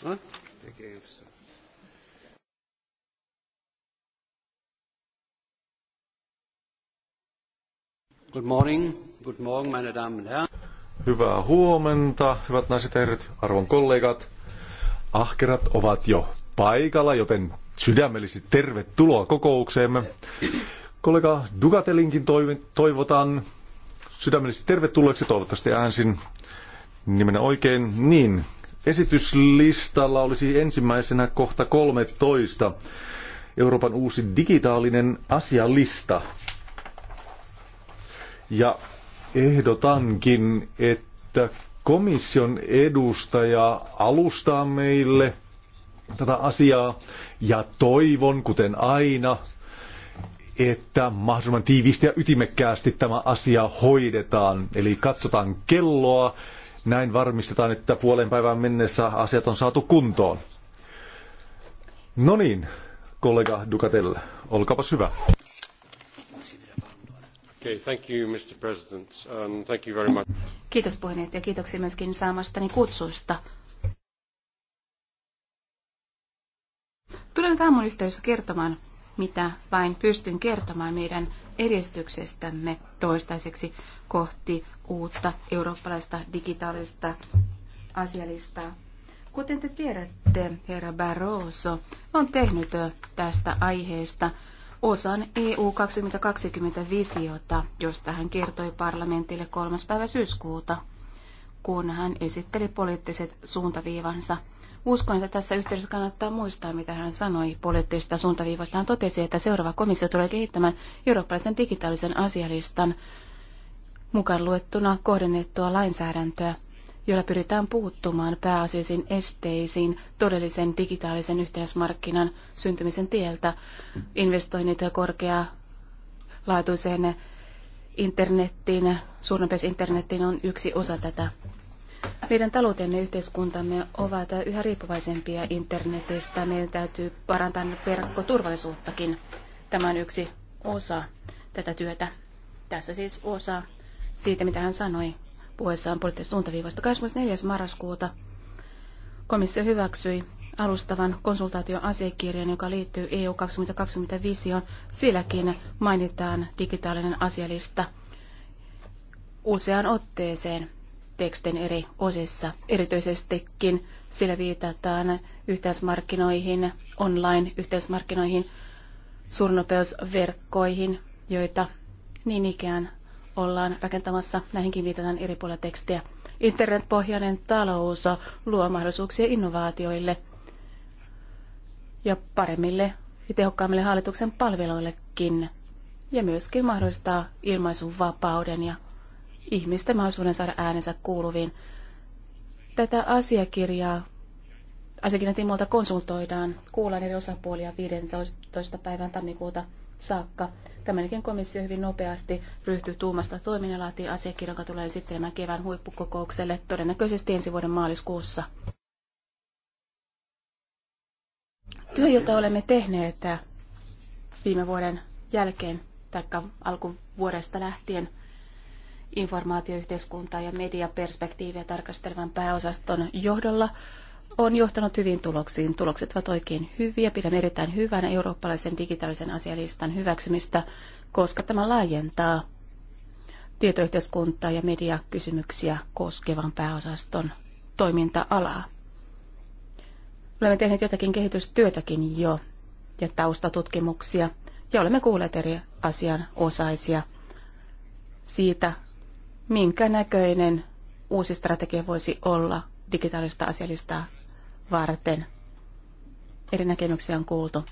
Good morning. Good morning, meine Damen und Herren. Hyvää huomenta, hyvät naiset ja herrat, arvon kollegat. Ahkerat ovat jo paikalla, joten sydämellisesti tervetuloa kokoukseemme. Kollega Dugatelinkin toivotan sydämellisesti tervetulleeksi, toivottavasti äänsin nimenä oikein. Niin, Esityslistalla olisi ensimmäisenä kohta 13. Euroopan uusi digitaalinen asialista. Ja ehdotankin, että komission edustaja alustaa meille tätä asiaa ja toivon, kuten aina, että mahdollisimman tiiviisti ja ytimekkäästi tämä asia hoidetaan. Eli katsotaan kelloa näin varmistetaan, että puolen päivän mennessä asiat on saatu kuntoon. No niin, kollega Ducatella, olkaapas hyvä. Okay, thank you, Mr. President. thank you very much. Kiitos puheenjohtaja, kiitoksia myöskin saamastani kutsusta. Tulen aamun yhteydessä kertomaan mitä vain pystyn kertomaan meidän edistyksestämme toistaiseksi kohti uutta eurooppalaista digitaalista asialista. Kuten te tiedätte, herra Barroso on tehnyt tästä aiheesta osan EU 2020 visiota, josta hän kertoi parlamentille 3. päivä syyskuuta, kun hän esitteli poliittiset suuntaviivansa – Uskon, että tässä yhteydessä kannattaa muistaa, mitä hän sanoi poliittisesta suuntaviivasta. Hän totesi, että seuraava komissio tulee kehittämään eurooppalaisen digitaalisen asialistan mukaan luettuna kohdennettua lainsäädäntöä, jolla pyritään puuttumaan pääasiallisiin esteisiin todellisen digitaalisen yhteismarkkinan syntymisen tieltä, investoinnit ja korkealaatuiseen internettiin, suurempi internettiin on yksi osa tätä meidän taloutemme ja yhteiskuntamme ovat yhä riippuvaisempia internetistä. Meidän täytyy parantaa verkkoturvallisuuttakin. Tämä on yksi osa tätä työtä. Tässä siis osa siitä, mitä hän sanoi puheessaan poliittisesta suuntaviivasta. 24. marraskuuta komissio hyväksyi alustavan konsultaatioasiakirjan, joka liittyy EU 2020-visioon. Silläkin mainitaan digitaalinen asialista useaan otteeseen tekstin eri osissa. Erityisestikin sillä viitataan yhteismarkkinoihin, online-yhteismarkkinoihin, suurnopeusverkkoihin, joita niin ikään ollaan rakentamassa. Näihinkin viitataan eri puolilla tekstiä. Internetpohjainen talous luo mahdollisuuksia innovaatioille ja paremmille ja tehokkaammille hallituksen palveluillekin ja myöskin mahdollistaa ilmaisun vapauden ja ihmisten mahdollisuuden saada äänensä kuuluviin. Tätä asiakirjaa asiakirjan tiimoilta konsultoidaan, kuullaan eri osapuolia 15. päivän tammikuuta saakka. Tämänkin komissio hyvin nopeasti ryhtyy tuumasta toiminnan laatii asiakirjan, joka tulee esittelemään kevään huippukokoukselle todennäköisesti ensi vuoden maaliskuussa. Työ, jota olemme tehneet viime vuoden jälkeen tai alkuvuodesta lähtien, informaatioyhteiskuntaa ja mediaperspektiiviä tarkastelevan pääosaston johdolla on johtanut hyvin tuloksiin. Tulokset ovat oikein hyviä. Pidän erittäin hyvänä eurooppalaisen digitaalisen asialistan hyväksymistä, koska tämä laajentaa tietoyhteiskuntaa ja mediakysymyksiä koskevan pääosaston toiminta-alaa. Olemme tehneet jotakin kehitystyötäkin jo ja taustatutkimuksia ja olemme kuulleet eri asianosaisia siitä, minkä näköinen uusi strategia voisi olla digitaalista asialista varten. Eri näkemyksiä on kuultu.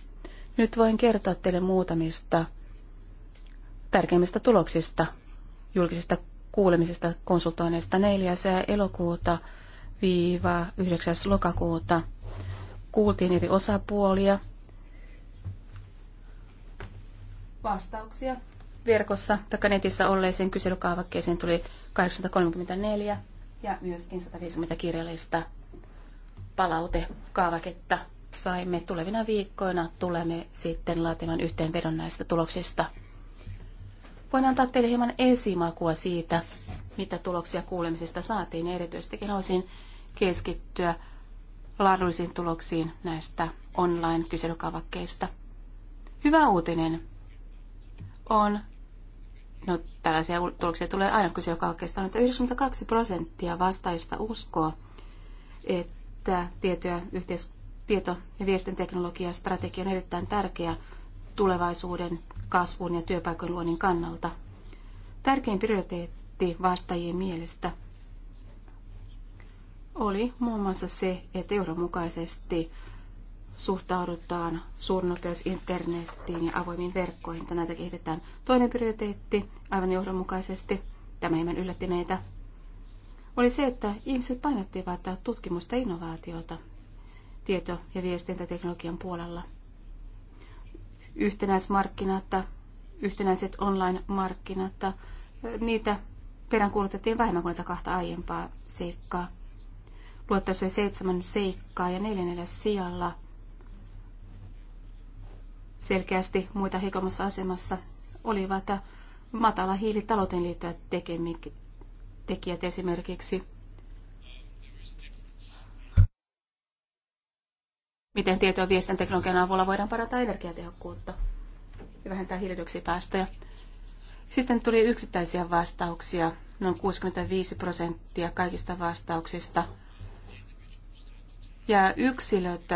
Nyt voin kertoa teille muutamista tärkeimmistä tuloksista julkisista kuulemisista konsultoineista 4. elokuuta viiva 9. lokakuuta. Kuultiin eri osapuolia. Vastauksia verkossa tai netissä olleeseen kyselykaavakkeeseen tuli 834 ja myöskin 150 kirjallista palautekaavaketta saimme tulevina viikkoina. Tulemme sitten laatimaan yhteenvedon näistä tuloksista. Voin antaa teille hieman esimakua siitä, mitä tuloksia kuulemisesta saatiin. Erityisesti haluaisin keskittyä laadullisiin tuloksiin näistä online-kyselykaavakkeista. Hyvä uutinen on No tällaisia tuloksia tulee aina kyse joka oikeastaan, että 92 prosenttia vastaajista uskoo, että tieto- ja, yhteis- tieto- ja strategia on erittäin tärkeä tulevaisuuden kasvun ja työpaikan luonnin kannalta. Tärkein prioriteetti vastaajien mielestä oli muun muassa se, että euromukaisesti mukaisesti suhtaudutaan internettiin ja avoimiin verkkoihin, että näitä kehitetään. Toinen prioriteetti, aivan johdonmukaisesti, tämä hieman yllätti meitä, oli se, että ihmiset painottivat tutkimusta innovaatiota tieto- ja viestintäteknologian puolella. Yhtenäismarkkinat, yhtenäiset online-markkinat, niitä peräänkuulutettiin vähemmän kuin näitä kahta aiempaa seikkaa. Luottaus seitsemän seikkaa ja neljännellä sijalla – selkeästi muita heikommassa asemassa olivat matala hiilitalouteen liittyvät tekijät esimerkiksi. Miten tieto- ja viestintäteknologian avulla voidaan parantaa energiatehokkuutta ja vähentää hiilidioksidipäästöjä. Sitten tuli yksittäisiä vastauksia. Noin 65 prosenttia kaikista vastauksista. Ja yksilöt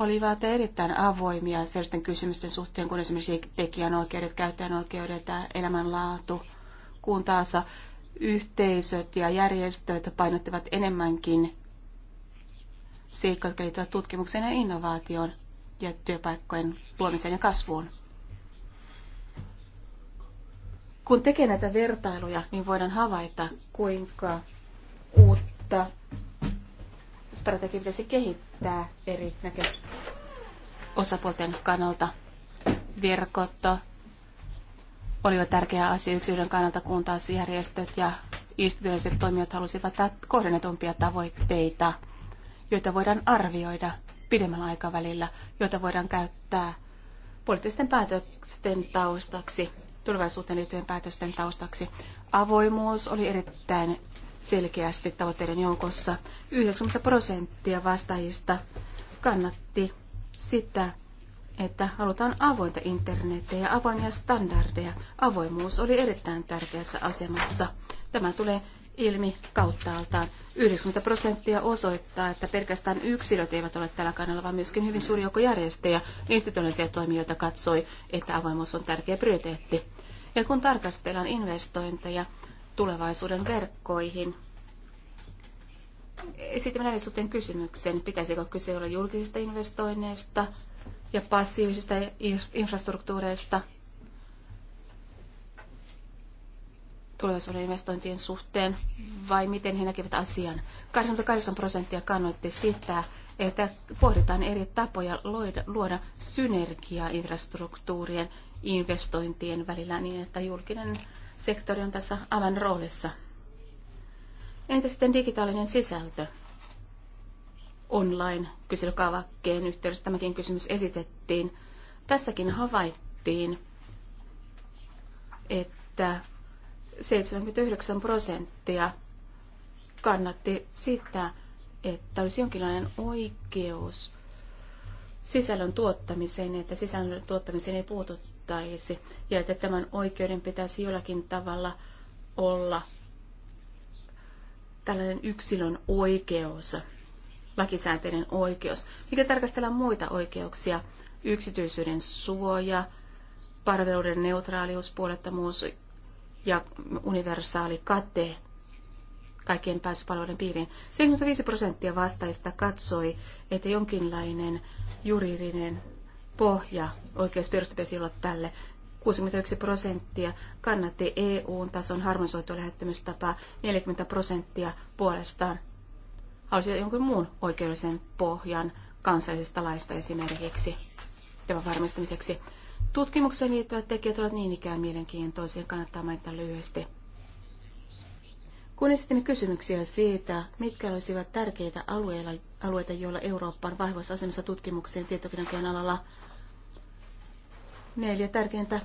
olivat erittäin avoimia sellaisten kysymysten suhteen kuin esimerkiksi tekijänoikeudet, käyttäjänoikeudet ja elämänlaatu, kun taas yhteisöt ja järjestöt painottivat enemmänkin seikkoja, jotka liittyvät tutkimukseen ja innovaatioon ja työpaikkojen luomiseen ja kasvuun. Kun tekee näitä vertailuja, niin voidaan havaita, kuinka uutta strategia pitäisi kehittää eri näkö osapuolten kannalta. Verkot jo tärkeä asia yksilön kannalta, kun taas järjestöt ja instituutioiset toimijat halusivat kohdennetumpia tavoitteita, joita voidaan arvioida pidemmällä aikavälillä, joita voidaan käyttää poliittisten päätösten taustaksi, tulevaisuuteen liittyvien päätösten taustaksi. Avoimuus oli erittäin selkeästi tavoitteiden joukossa. 90 prosenttia vastaajista kannatti sitä, että halutaan avointa internetiä ja avoimia standardeja. Avoimuus oli erittäin tärkeässä asemassa. Tämä tulee ilmi kauttaaltaan. 90 prosenttia osoittaa, että pelkästään yksilöt eivät ole tällä kannalla, vaan myöskin hyvin suuri joukko järjestäjä institutionaalisia toimijoita katsoi, että avoimuus on tärkeä prioriteetti. Ja kun tarkastellaan investointeja, tulevaisuuden verkkoihin. Esitimme näiden suhteen kysymyksen, pitäisikö kyse olla julkisista investoinneista ja passiivisista infrastruktuureista tulevaisuuden investointien suhteen, vai miten he näkevät asian. 88 prosenttia kannoitti sitä, että pohditaan eri tapoja luoda synergiaa infrastruktuurien investointien välillä niin, että julkinen sektori on tässä alan roolissa. Entä sitten digitaalinen sisältö? Online-kyselykaavakkeen yhteydessä tämäkin kysymys esitettiin. Tässäkin havaittiin, että 79 prosenttia kannatti sitä, että olisi jonkinlainen oikeus sisällön tuottamiseen, että sisällön tuottamiseen ei puututtu kohtaisi ja että tämän oikeuden pitäisi jollakin tavalla olla tällainen yksilön oikeus, lakisääteinen oikeus, mikä tarkastellaan muita oikeuksia, yksityisyyden suoja, palveluiden neutraalius, puolettomuus ja universaali kate kaikkien pääsypalveluiden piiriin. 75 prosenttia vastaajista katsoi, että jonkinlainen juridinen pohja, oikeusperusta olla tälle. 61 prosenttia kannatti EU-tason harmonisoitua lähettämistapaa, 40 prosenttia puolestaan halusi jonkun muun oikeudellisen pohjan kansallisesta laista esimerkiksi tämän varmistamiseksi. Tutkimukseen liittyvät tekijät ovat niin ikään mielenkiintoisia, kannattaa mainita lyhyesti. Kun esitimme kysymyksiä siitä, mitkä olisivat tärkeitä alueita, joilla Eurooppa on vahvassa asemassa tutkimukseen tietokoneiden alalla, neljä tärkeintä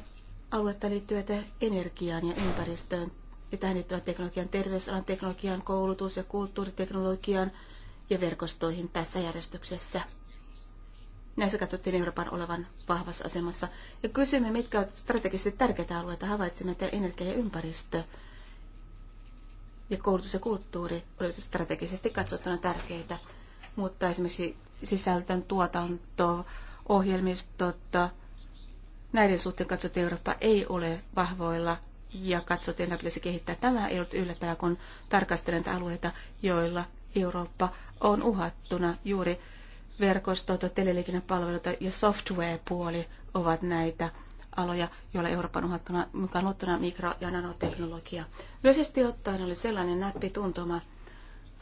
aluetta liittyvät energiaan ja ympäristöön ja tähän liittyvän teknologian, terveysalan teknologian, koulutus- ja kulttuuriteknologian ja verkostoihin tässä järjestyksessä. Näissä katsottiin Euroopan olevan vahvassa asemassa. Ja kysymme, mitkä ovat strategisesti tärkeitä alueita. Havaitsimme, että energia ja ympäristö ja koulutus ja kulttuuri olivat strategisesti katsottuna tärkeitä. Mutta esimerkiksi sisältön tuotanto, ohjelmistot, Näiden suhteen katsottiin, Eurooppa ei ole vahvoilla ja katsotaan, että pitäisi kehittää. Tämä ei ollut yllättävää, kun tarkastelen alueita, joilla Eurooppa on uhattuna juuri verkostot, teleliikennepalveluita ja software-puoli ovat näitä aloja, joilla Euroopan uhattuna mukaan luottuna mikro- ja nanoteknologia. Yleisesti ottaen oli sellainen näppi tuntuma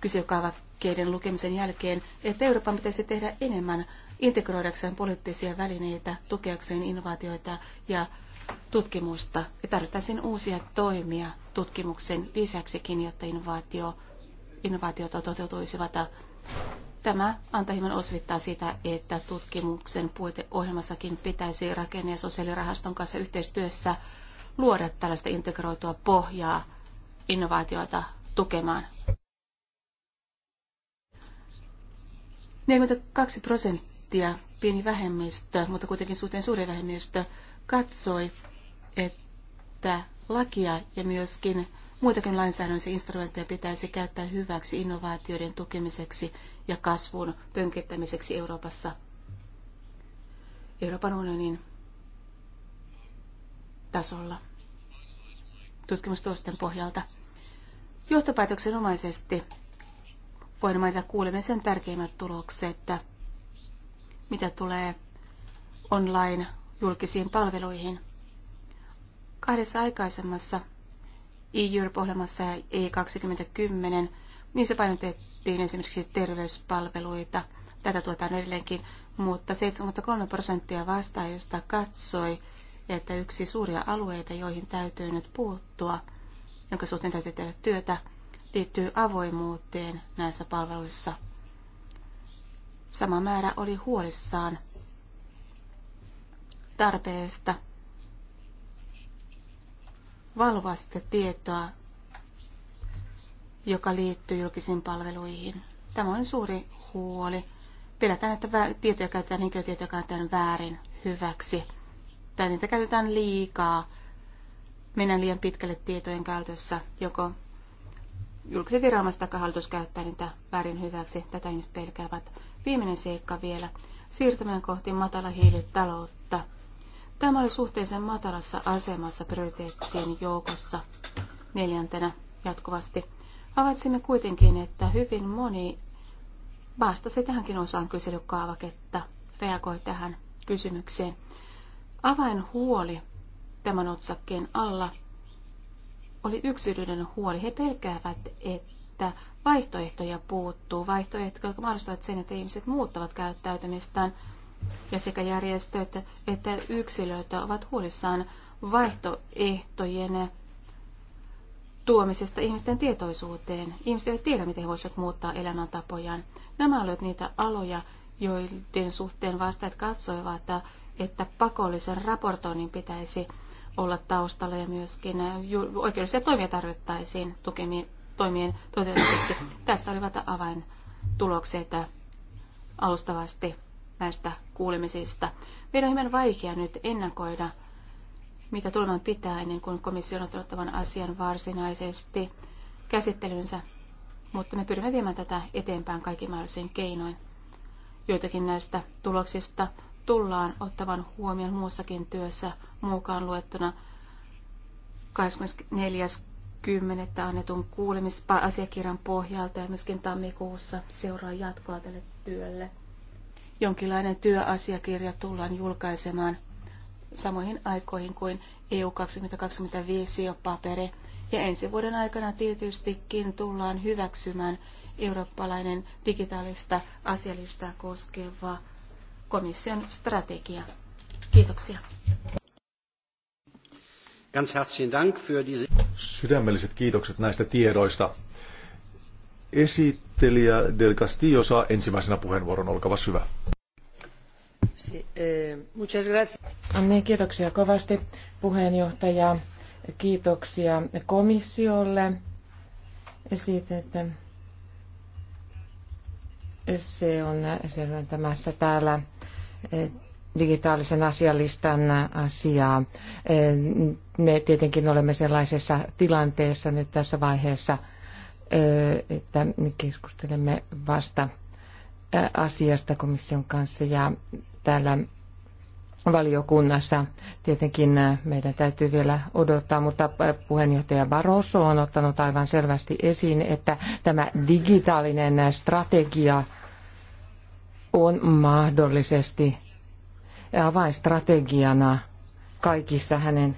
kysykaavakkeiden lukemisen jälkeen, että Euroopan pitäisi tehdä enemmän integroidakseen poliittisia välineitä, tukeakseen innovaatioita ja tutkimusta. Ja tarvittaisiin uusia toimia tutkimuksen lisäksikin, jotta innovaatio, innovaatiot toteutuisivat. Tämä antahimon osvittaa sitä, että tutkimuksen puiteohjelmassakin pitäisi rakenne- ja sosiaalirahaston kanssa yhteistyössä luoda tällaista integroitua pohjaa innovaatioita tukemaan. 42 prosenttia prosenttia, pieni vähemmistö, mutta kuitenkin suhteen suuri vähemmistö, katsoi, että lakia ja myöskin muitakin lainsäädännöllisiä instrumentteja pitäisi käyttää hyväksi innovaatioiden tukemiseksi ja kasvun pönkittämiseksi Euroopassa. Euroopan unionin tasolla tutkimustuosten pohjalta. Johtopäätöksenomaisesti voin mainita kuulemisen tärkeimmät tulokset, että mitä tulee online julkisiin palveluihin. Kahdessa aikaisemmassa e-Europe-ohjelmassa ja e E2010, niin se painotettiin esimerkiksi terveyspalveluita. Tätä tuotaan edelleenkin, mutta 73 prosenttia vastaajista katsoi, että yksi suuria alueita, joihin täytyy nyt puuttua, jonka suhteen täytyy tehdä työtä, liittyy avoimuuteen näissä palveluissa – Sama määrä oli huolissaan tarpeesta valvasta tietoa, joka liittyy julkisiin palveluihin. Tämä on suuri huoli. Pelätään, että tietoja käytetään, henkilötietoja käytetään väärin hyväksi. Tai niitä käytetään liikaa. Mennään liian pitkälle tietojen käytössä, joko julkiset viranomaiset tai hallitus käyttää niitä väärin hyväksi. Tätä ihmiset pelkäävät. Viimeinen seikka vielä. Siirtyminen kohti matala hiilitaloutta. Tämä oli suhteellisen matalassa asemassa prioriteettien joukossa neljäntenä jatkuvasti. Havaitsimme kuitenkin, että hyvin moni vastasi tähänkin osaan kyselykaavaketta, reagoi tähän kysymykseen. Avainhuoli tämän otsakkeen alla – oli yksilöiden huoli. He pelkäävät, että vaihtoehtoja puuttuu, vaihtoehtoja, jotka mahdollistavat sen, että ihmiset muuttavat käyttäytymistään. Ja sekä järjestöt että yksilöt ovat huolissaan vaihtoehtojen tuomisesta ihmisten tietoisuuteen. Ihmiset eivät tiedä, miten he voisivat muuttaa elämäntapojaan. Nämä olivat niitä aloja, joiden suhteen vastaajat katsoivat, että pakollisen raportoinnin pitäisi olla taustalla ja myöskin äh, oikeudellisia toimia tarvittaisiin tukemiin toimien toteutukseksi. Tässä olivat avaintulokset alustavasti näistä kuulemisista. Meidän on hieman vaikea nyt ennakoida, mitä tuleman pitää ennen kuin komissio on ottanut tämän asian varsinaisesti käsittelynsä, mutta me pyrimme viemään tätä eteenpäin kaikin mahdollisin keinoin. Joitakin näistä tuloksista tullaan ottavan huomioon muussakin työssä mukaan luettuna 24.10. annetun kuulemisasiakirjan pohjalta ja myöskin tammikuussa seuraa jatkoa tälle työlle. Jonkinlainen työasiakirja tullaan julkaisemaan samoihin aikoihin kuin EU 2025 paperi. Ja ensi vuoden aikana tietystikin tullaan hyväksymään eurooppalainen digitaalista asialista koskeva komission strategia. Kiitoksia. Ganz herzlichen Dank für diese... Sydämelliset kiitokset näistä tiedoista. Esittelijä Del Castillo saa ensimmäisenä puheenvuoron. Olkaa hyvä. Niin, kiitoksia kovasti puheenjohtaja. Kiitoksia komissiolle siitä, että se on selventämässä täällä eh, digitaalisen asialistan asiaa. Eh, me tietenkin olemme sellaisessa tilanteessa nyt tässä vaiheessa, eh, että keskustelemme vasta asiasta komission kanssa ja täällä valiokunnassa. Tietenkin äh, meidän täytyy vielä odottaa, mutta äh, puheenjohtaja Barroso on ottanut aivan selvästi esiin, että tämä digitaalinen strategia on mahdollisesti avainstrategiana kaikissa hänen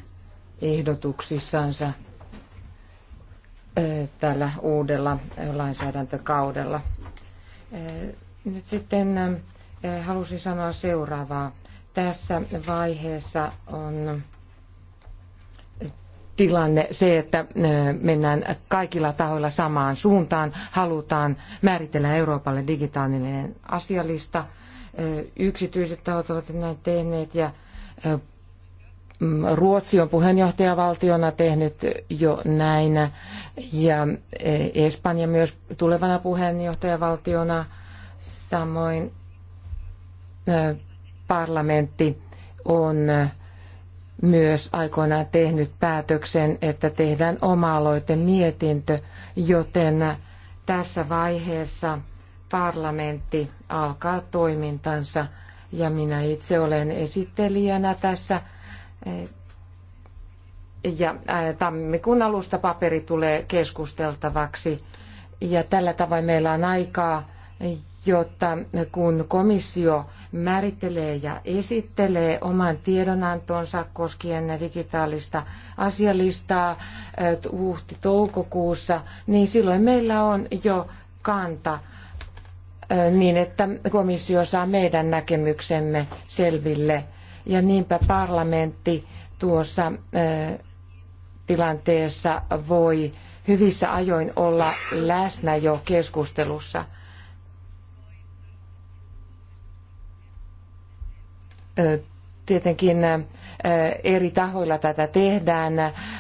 ehdotuksissansa äh, tällä uudella lainsäädäntökaudella. Nyt sitten halusin sanoa seuraavaa tässä vaiheessa on tilanne se, että äh, mennään kaikilla tahoilla samaan suuntaan. Halutaan määritellä Euroopalle digitaalinen asialista. Äh, yksityiset tahot ovat näin tehneet ja äh, Ruotsi on puheenjohtajavaltiona tehnyt jo näin ja Espanja myös tulevana puheenjohtajavaltiona samoin parlamentti on myös aikoinaan tehnyt päätöksen, että tehdään oma-aloite mietintö, joten tässä vaiheessa parlamentti alkaa toimintansa ja minä itse olen esittelijänä tässä. Ja tammikuun alusta paperi tulee keskusteltavaksi ja tällä tavoin meillä on aikaa jotta kun komissio määrittelee ja esittelee oman tiedonantonsa koskien digitaalista asialistaa eh, huhti-toukokuussa, niin silloin meillä on jo kanta eh, niin, että komissio saa meidän näkemyksemme selville. Ja niinpä parlamentti tuossa eh, tilanteessa voi hyvissä ajoin olla läsnä jo keskustelussa. Tietenkin eri tahoilla tätä tehdään,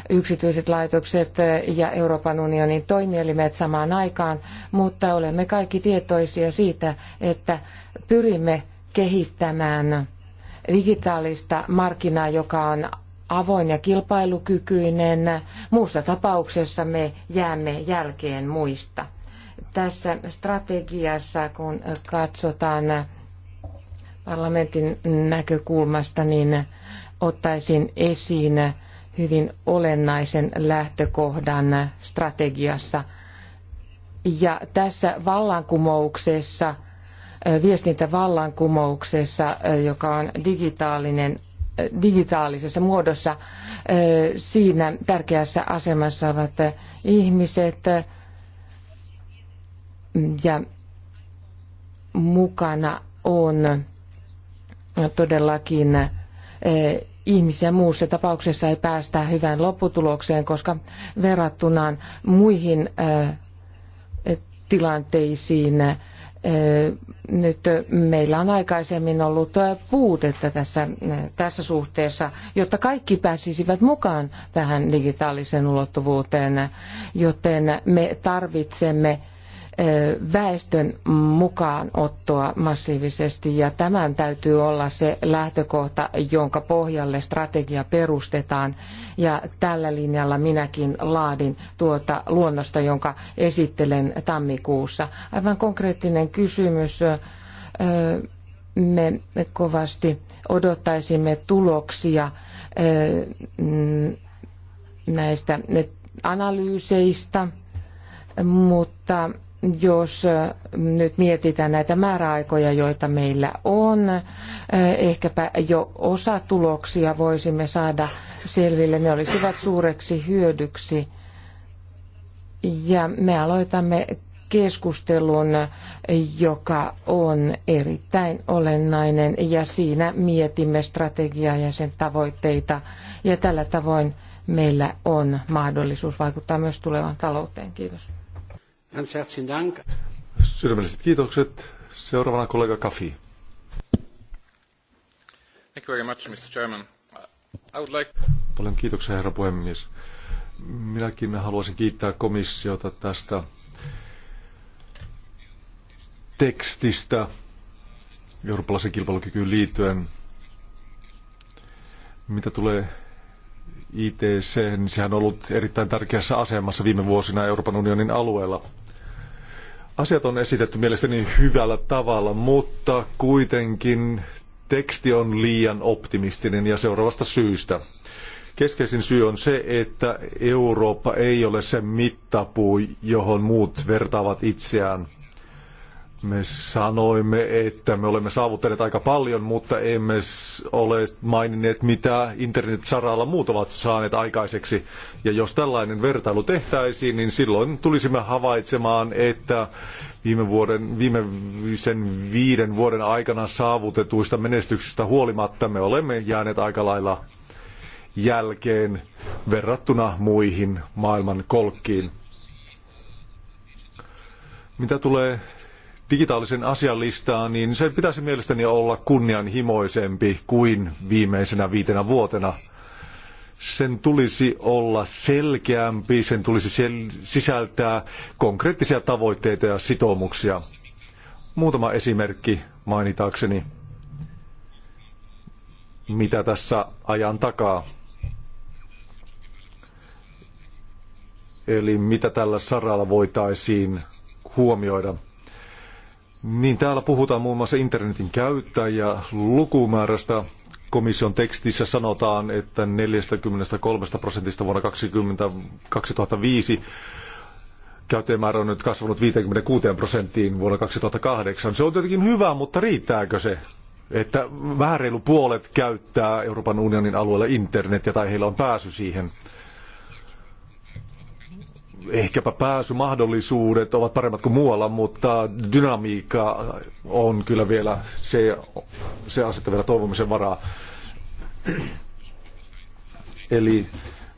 yksityiset laitokset ja Euroopan unionin toimielimet samaan aikaan, mutta olemme kaikki tietoisia siitä, että pyrimme kehittämään digitaalista markkinaa, joka on avoin ja kilpailukykyinen. Muussa tapauksessa me jäämme jälkeen muista. Tässä strategiassa, kun katsotaan parlamentin näkökulmasta, niin ottaisin esiin hyvin olennaisen lähtökohdan strategiassa. Ja tässä vallankumouksessa, viestintävallankumouksessa, joka on digitaalinen, digitaalisessa muodossa, siinä tärkeässä asemassa ovat ihmiset ja mukana on todellakin eh, ihmisiä muussa tapauksessa ei päästä hyvään lopputulokseen, koska verrattuna muihin eh, tilanteisiin eh, nyt meillä on aikaisemmin ollut puutetta tässä, tässä suhteessa, jotta kaikki pääsisivät mukaan tähän digitaaliseen ulottuvuuteen, joten me tarvitsemme väestön mukaanottoa massiivisesti ja tämän täytyy olla se lähtökohta, jonka pohjalle strategia perustetaan ja tällä linjalla minäkin laadin tuota luonnosta, jonka esittelen tammikuussa. Aivan konkreettinen kysymys. Me kovasti odottaisimme tuloksia näistä analyyseistä, mutta jos nyt mietitään näitä määräaikoja, joita meillä on, ehkäpä jo osa tuloksia voisimme saada selville. Ne olisivat suureksi hyödyksi. Ja me aloitamme keskustelun, joka on erittäin olennainen ja siinä mietimme strategiaa ja sen tavoitteita ja tällä tavoin meillä on mahdollisuus vaikuttaa myös tulevaan talouteen. Kiitos. Ganz herzlichen Dank. Sydämelliset kiitokset. Seuraavana kollega Kafi. Thank you very much, Mr. Chairman. I would like... Paljon kiitoksia, herra puhemies. Minäkin haluaisin kiittää komissiota tästä tekstistä eurooppalaisen kilpailukykyyn liittyen. Mitä tulee ITC, niin sehän on ollut erittäin tärkeässä asemassa viime vuosina Euroopan unionin alueella. Asiat on esitetty mielestäni hyvällä tavalla, mutta kuitenkin teksti on liian optimistinen ja seuraavasta syystä. Keskeisin syy on se, että Eurooppa ei ole se mittapuu, johon muut vertaavat itseään. Me sanoimme, että me olemme saavuttaneet aika paljon, mutta emme ole maininneet, mitä internet-saralla muut ovat saaneet aikaiseksi. Ja jos tällainen vertailu tehtäisiin, niin silloin tulisimme havaitsemaan, että viime vuoden, viimeisen viiden vuoden aikana saavutetuista menestyksistä huolimatta me olemme jääneet aika lailla jälkeen verrattuna muihin maailman kolkkiin. Mitä tulee digitaalisen listaan, niin sen pitäisi mielestäni olla kunnianhimoisempi kuin viimeisenä viitenä vuotena. Sen tulisi olla selkeämpi, sen tulisi sisältää konkreettisia tavoitteita ja sitoumuksia. Muutama esimerkki mainitaakseni, mitä tässä ajan takaa. Eli mitä tällä saralla voitaisiin huomioida. Niin täällä puhutaan muun muassa internetin käyttäjä lukumäärästä. Komission tekstissä sanotaan, että 43 prosentista vuonna 20, 2005 käyttäjämäärä on nyt kasvanut 56 prosenttiin vuonna 2008. Se on tietenkin hyvä, mutta riittääkö se? Että vähän reilu puolet käyttää Euroopan unionin alueella internetiä tai heillä on pääsy siihen ehkäpä pääsymahdollisuudet ovat paremmat kuin muualla, mutta dynamiikka on kyllä vielä, se, se asetta vielä toivomisen varaa. Eli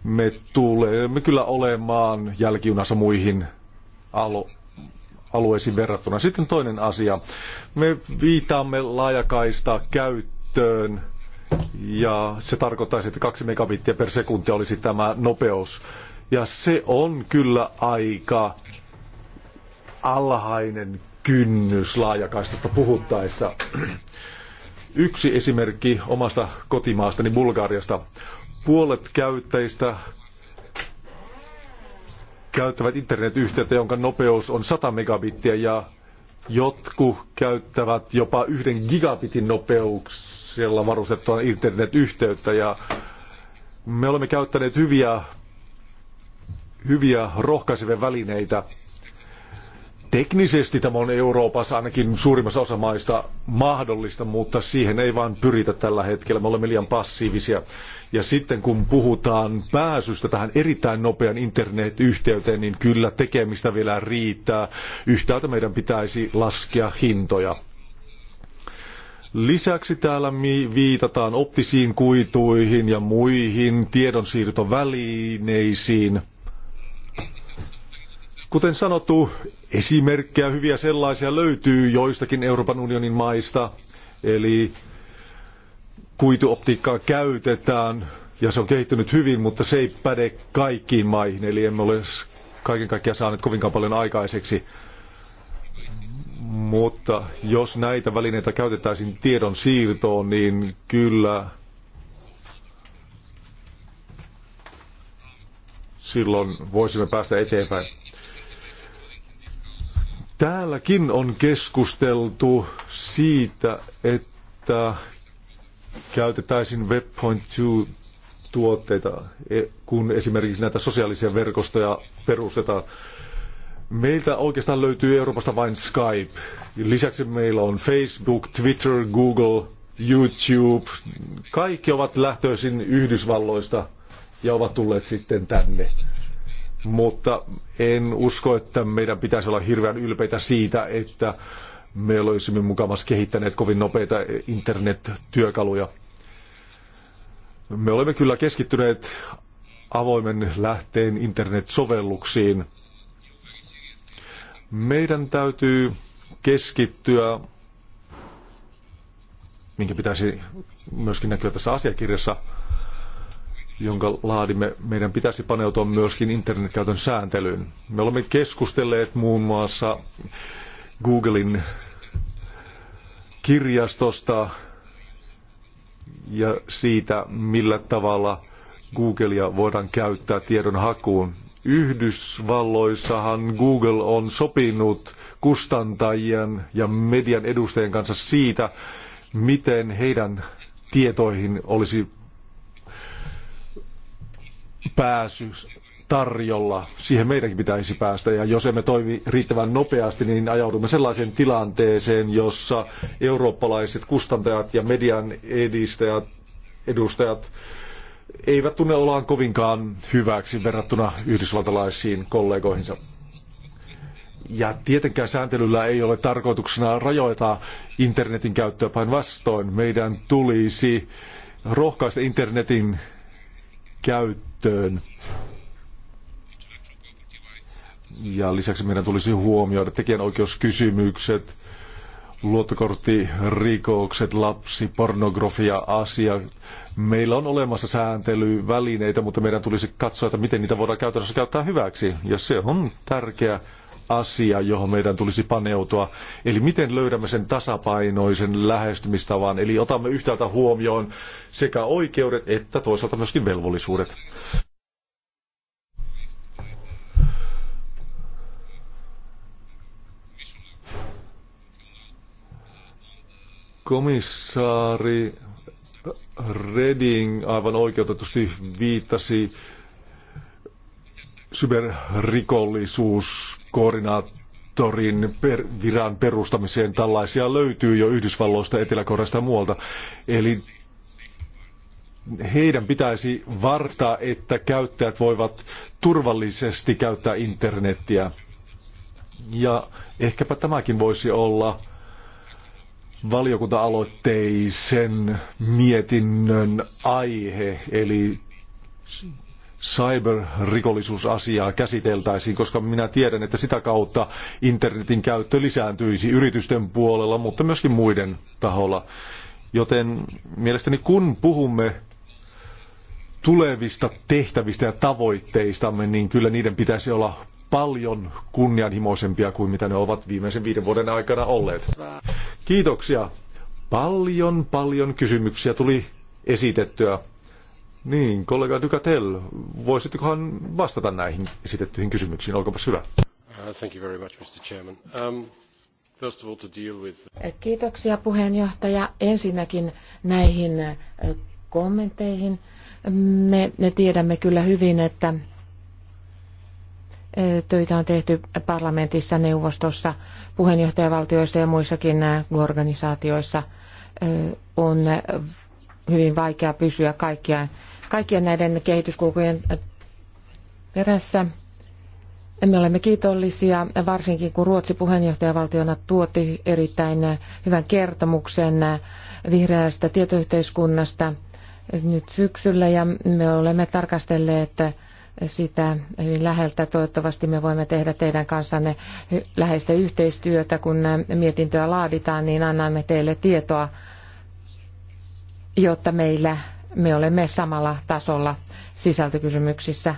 me tulemme kyllä olemaan jälkijunassa muihin alo- alueisiin verrattuna. Sitten toinen asia. Me viitaamme laajakaista käyttöön ja se tarkoittaisi, että kaksi megabittiä per sekunti olisi tämä nopeus ja se on kyllä aika alhainen kynnys laajakaistasta puhuttaessa. Yksi esimerkki omasta kotimaastani Bulgariasta. Puolet käyttäjistä käyttävät internetyhteyttä, jonka nopeus on 100 megabittiä ja jotkut käyttävät jopa yhden gigabitin nopeuksella varustettua internetyhteyttä ja me olemme käyttäneet hyviä hyviä rohkaisevia välineitä. Teknisesti tämä on Euroopassa ainakin suurimmassa osa maista mahdollista, mutta siihen ei vaan pyritä tällä hetkellä. Me olemme liian passiivisia. Ja sitten kun puhutaan pääsystä tähän erittäin nopean internetyhteyteen, niin kyllä tekemistä vielä riittää. Yhtäältä meidän pitäisi laskea hintoja. Lisäksi täällä viitataan optisiin kuituihin ja muihin tiedonsiirtovälineisiin – Kuten sanottu, esimerkkejä, hyviä sellaisia löytyy joistakin Euroopan unionin maista, eli kuituoptiikkaa käytetään ja se on kehittynyt hyvin, mutta se ei päde kaikkiin maihin, eli emme ole kaiken kaikkiaan saaneet kovinkaan paljon aikaiseksi. Mutta jos näitä välineitä käytettäisiin tiedon siirtoon, niin kyllä silloin voisimme päästä eteenpäin. Täälläkin on keskusteltu siitä, että käytetäisiin WebPoint 2 tuotteita, e, kun esimerkiksi näitä sosiaalisia verkostoja perustetaan. Meiltä oikeastaan löytyy Euroopasta vain Skype. Lisäksi meillä on Facebook, Twitter, Google, YouTube. Kaikki ovat lähtöisin Yhdysvalloista ja ovat tulleet sitten tänne mutta en usko, että meidän pitäisi olla hirveän ylpeitä siitä, että me olisimme mukavasti kehittäneet kovin nopeita internet-työkaluja. Me olemme kyllä keskittyneet avoimen lähteen internet-sovelluksiin. Meidän täytyy keskittyä, minkä pitäisi myöskin näkyä tässä asiakirjassa, jonka laadimme, meidän pitäisi paneutua myöskin internetkäytön sääntelyyn. Me olemme keskustelleet muun muassa Googlein kirjastosta ja siitä, millä tavalla Googlea voidaan käyttää tiedon hakuun. Yhdysvalloissahan Google on sopinut kustantajien ja median edustajien kanssa siitä, miten heidän tietoihin olisi pääsy tarjolla. Siihen meidänkin pitäisi päästä ja jos emme toimi riittävän nopeasti, niin ajaudumme sellaiseen tilanteeseen, jossa eurooppalaiset kustantajat ja median edistäjät, edustajat eivät tunne ollaan kovinkaan hyväksi verrattuna yhdysvaltalaisiin kollegoihinsa. Ja tietenkään sääntelyllä ei ole tarkoituksena rajoittaa internetin käyttöä päinvastoin. Meidän tulisi rohkaista internetin käyttöön. Ja lisäksi meidän tulisi huomioida tekijänoikeuskysymykset, luottokorttirikokset, lapsi, pornografia, asia. Meillä on olemassa sääntelyvälineitä, mutta meidän tulisi katsoa, että miten niitä voidaan käytännössä käyttää hyväksi. Ja se on tärkeä asia, johon meidän tulisi paneutua. Eli miten löydämme sen tasapainoisen lähestymistavan, eli otamme yhtäältä huomioon sekä oikeudet että toisaalta myöskin velvollisuudet. Komissaari Reding aivan oikeutetusti viittasi kyberrikollisuuskoordinaattorin per, viran perustamiseen. Tällaisia löytyy jo Yhdysvalloista, Etelä-Koreasta ja muualta. Eli heidän pitäisi vartaa, että käyttäjät voivat turvallisesti käyttää internettiä. Ja ehkäpä tämäkin voisi olla valiokunta-aloitteisen mietinnön aihe, eli cyberrikollisuusasiaa käsiteltäisiin, koska minä tiedän, että sitä kautta internetin käyttö lisääntyisi yritysten puolella, mutta myöskin muiden taholla. Joten mielestäni kun puhumme tulevista tehtävistä ja tavoitteistamme, niin kyllä niiden pitäisi olla paljon kunnianhimoisempia kuin mitä ne ovat viimeisen viiden vuoden aikana olleet. Kiitoksia. Paljon, paljon kysymyksiä tuli esitettyä. Niin, kollega Ducatel, voisittekohan vastata näihin esitettyihin kysymyksiin? Olkapas hyvä. Uh, thank you very much, Mr. Chairman. Um, first of all to deal with... Eh, kiitoksia puheenjohtaja. Ensinnäkin näihin eh, kommentteihin. Me, me tiedämme kyllä hyvin, että eh, töitä on tehty parlamentissa, neuvostossa, puheenjohtajavaltioissa ja muissakin organisaatioissa. On hyvin vaikea pysyä kaikkien kaikkien näiden kehityskulkujen perässä. Me olemme kiitollisia, varsinkin kun Ruotsi puheenjohtajavaltiona tuoti erittäin hyvän kertomuksen vihreästä tietoyhteiskunnasta nyt syksyllä ja me olemme tarkastelleet sitä hyvin läheltä. Toivottavasti me voimme tehdä teidän kanssanne läheistä yhteistyötä. Kun mietintöä laaditaan, niin annamme teille tietoa, jotta meillä me olemme samalla tasolla sisältökysymyksissä.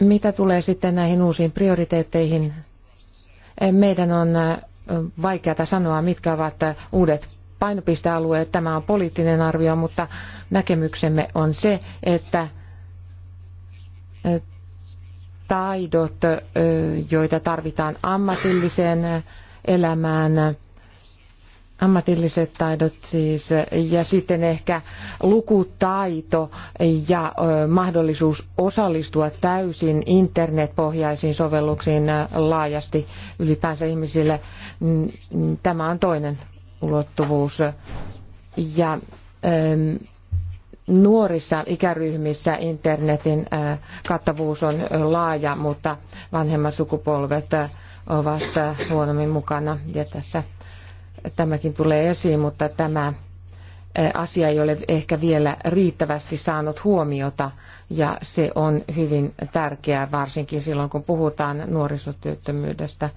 Mitä tulee sitten näihin uusiin prioriteetteihin, eh, meidän on eh, vaikeata sanoa, mitkä ovat eh, uudet painopistealueet. Tämä on poliittinen arvio, mutta näkemyksemme on se, että taidot, joita tarvitaan ammatilliseen elämään, ammatilliset taidot siis ja sitten ehkä lukutaito ja mahdollisuus osallistua täysin internetpohjaisiin sovelluksiin laajasti ylipäänsä ihmisille. Tämä on toinen ulottuvuus. Ja nuorissa ikäryhmissä internetin kattavuus on laaja, mutta vanhemmat sukupolvet ovat huonommin mukana ja tässä tämäkin tulee esiin, mutta tämä asia ei ole ehkä vielä riittävästi saanut huomiota ja se on hyvin tärkeää varsinkin silloin, kun puhutaan nuorisotyöttömyydestä.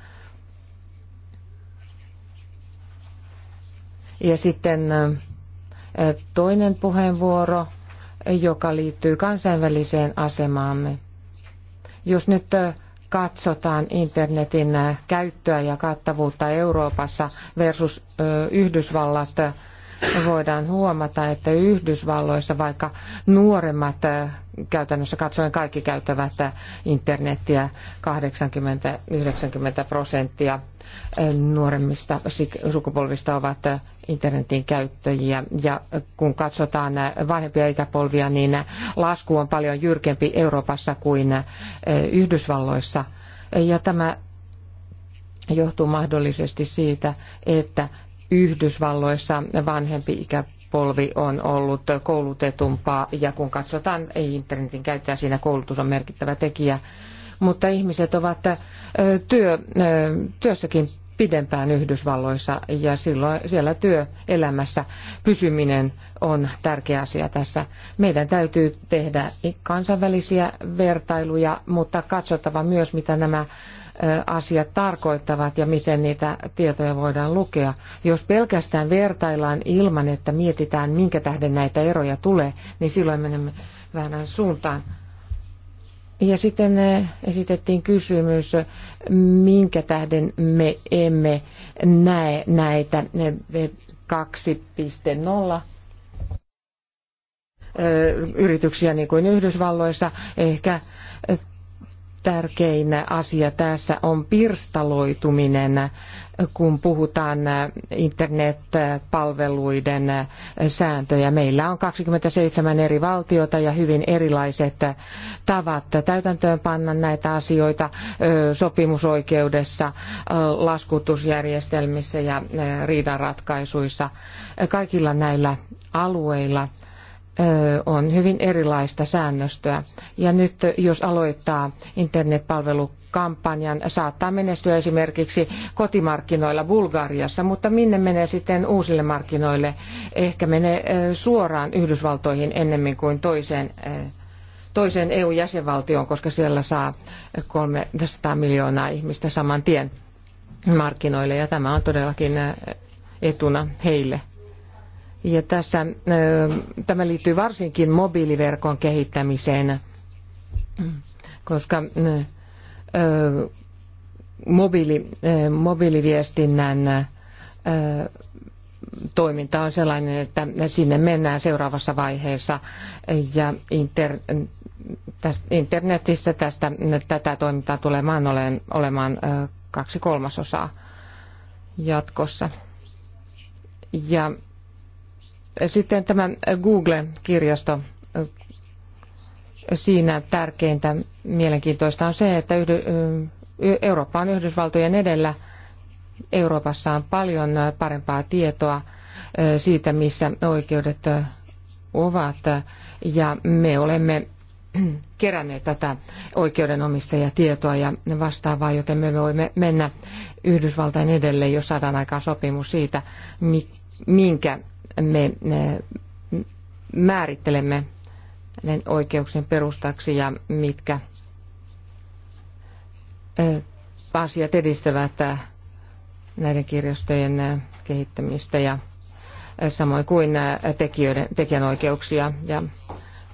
Ja sitten toinen puheenvuoro, joka liittyy kansainväliseen asemaamme. Jos nyt katsotaan internetin käyttöä ja kattavuutta Euroopassa versus Yhdysvallat, voidaan huomata, että Yhdysvalloissa vaikka nuoremmat äh, käytännössä katsoen kaikki käyttävät äh, internettiä 80-90 prosenttia äh, nuoremmista sukupolvista ovat internetin käyttäjiä. Ja kun katsotaan vanhempia ikäpolvia, niin lasku on paljon jyrkempi Euroopassa kuin Yhdysvalloissa. Ja tämä johtuu mahdollisesti siitä, että Yhdysvalloissa vanhempi ikäpolvi on ollut koulutetumpaa ja kun katsotaan ei internetin käyttöä, siinä koulutus on merkittävä tekijä. Mutta ihmiset ovat työ, työssäkin pidempään Yhdysvalloissa ja silloin siellä työelämässä pysyminen on tärkeä asia tässä. Meidän täytyy tehdä kansainvälisiä vertailuja, mutta katsottava myös, mitä nämä asiat tarkoittavat ja miten niitä tietoja voidaan lukea. Jos pelkästään vertaillaan ilman, että mietitään, minkä tähden näitä eroja tulee, niin silloin menemme väärään suuntaan. Ja sitten esitettiin kysymys, minkä tähden me emme näe näitä 2.0 yrityksiä niin kuin Yhdysvalloissa. Ehkä tärkein asia tässä on pirstaloituminen, kun puhutaan internetpalveluiden sääntöjä. Meillä on 27 eri valtiota ja hyvin erilaiset tavat täytäntöönpanna näitä asioita sopimusoikeudessa, laskutusjärjestelmissä ja riidanratkaisuissa. Kaikilla näillä alueilla – on hyvin erilaista säännöstöä. Ja nyt jos aloittaa internetpalvelu kampanjan saattaa menestyä esimerkiksi kotimarkkinoilla Bulgariassa, mutta minne menee sitten uusille markkinoille? Ehkä menee suoraan Yhdysvaltoihin ennemmin kuin toiseen, toiseen EU-jäsenvaltioon, koska siellä saa 300 miljoonaa ihmistä saman tien markkinoille ja tämä on todellakin etuna heille. Ja tässä, tämä liittyy varsinkin mobiiliverkon kehittämiseen, koska mobiili, mobiiliviestinnän toiminta on sellainen, että sinne mennään seuraavassa vaiheessa ja inter, tästä, internetissä tästä, tätä toimintaa tulee olemaan, olemaan kaksi kolmasosaa jatkossa. Ja sitten tämä Google-kirjasto. Siinä tärkeintä mielenkiintoista on se, että Eurooppa on Yhdysvaltojen edellä. Euroopassa on paljon parempaa tietoa siitä, missä oikeudet ovat. Ja me olemme keränneet tätä oikeudenomistajatietoa ja vastaavaa, joten me voimme mennä Yhdysvaltain edelle, jos saadaan aikaan sopimus siitä, minkä me määrittelemme hänen oikeuksien perustaksi ja mitkä asiat edistävät äh, näiden kirjastojen äh, kehittämistä ja äh, samoin kuin tekijöiden, tekijänoikeuksia ja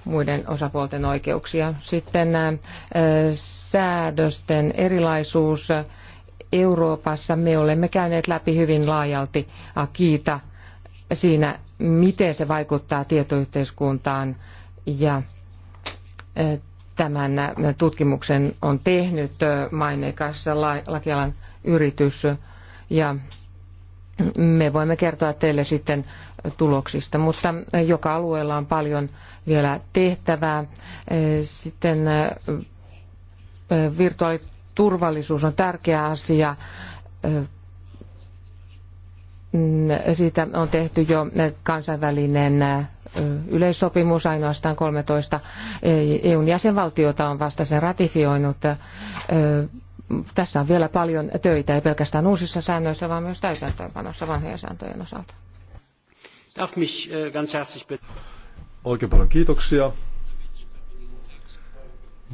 muiden osapuolten oikeuksia. Sitten säädösten erilaisuus Euroopassa. Me olemme käyneet läpi hyvin laajalti Akiita siinä, miten se vaikuttaa tietoyhteiskuntaan ja tämän tutkimuksen on tehnyt maineikas lakialan yritys ja me voimme kertoa teille sitten tuloksista, mutta joka alueella on paljon vielä tehtävää. Sitten virtuaaliturvallisuus on tärkeä asia Mm, siitä on tehty jo kansainvälinen äh, yleissopimus, ainoastaan 13 EUn jäsenvaltiota on vasta sen ratifioinut. Äh, tässä on vielä paljon töitä, ei pelkästään uusissa säännöissä, vaan myös täytäntöönpanossa vanhojen sääntöjen osalta. Äh, Oikein paljon kiitoksia.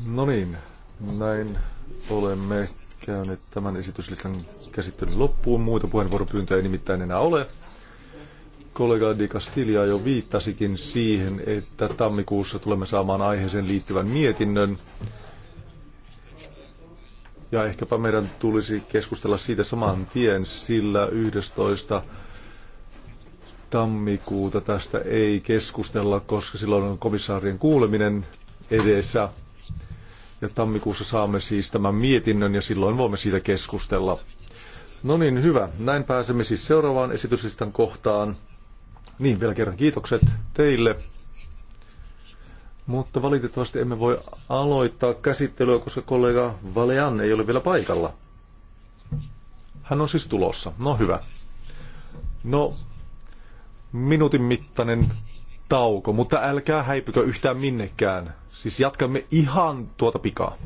No niin, näin olemme käyneet tämän esityslistan käsittelyn loppuun. Muita puheenvuoropyyntöjä ei nimittäin enää ole. Kollega Di Castilla jo viittasikin siihen, että tammikuussa tulemme saamaan aiheeseen liittyvän mietinnön. Ja ehkäpä meidän tulisi keskustella siitä saman tien, sillä 11 tammikuuta tästä ei keskustella, koska silloin on komissaarien kuuleminen edessä. Ja tammikuussa saamme siis tämän mietinnön ja silloin voimme siitä keskustella. No niin, hyvä. Näin pääsemme siis seuraavaan esityslistan kohtaan. Niin, vielä kerran kiitokset teille. Mutta valitettavasti emme voi aloittaa käsittelyä, koska kollega Valean ei ole vielä paikalla. Hän on siis tulossa. No hyvä. No, minuutin mittainen tauko, mutta älkää häipykö yhtään minnekään. Siis jatkamme ihan tuota pikaa.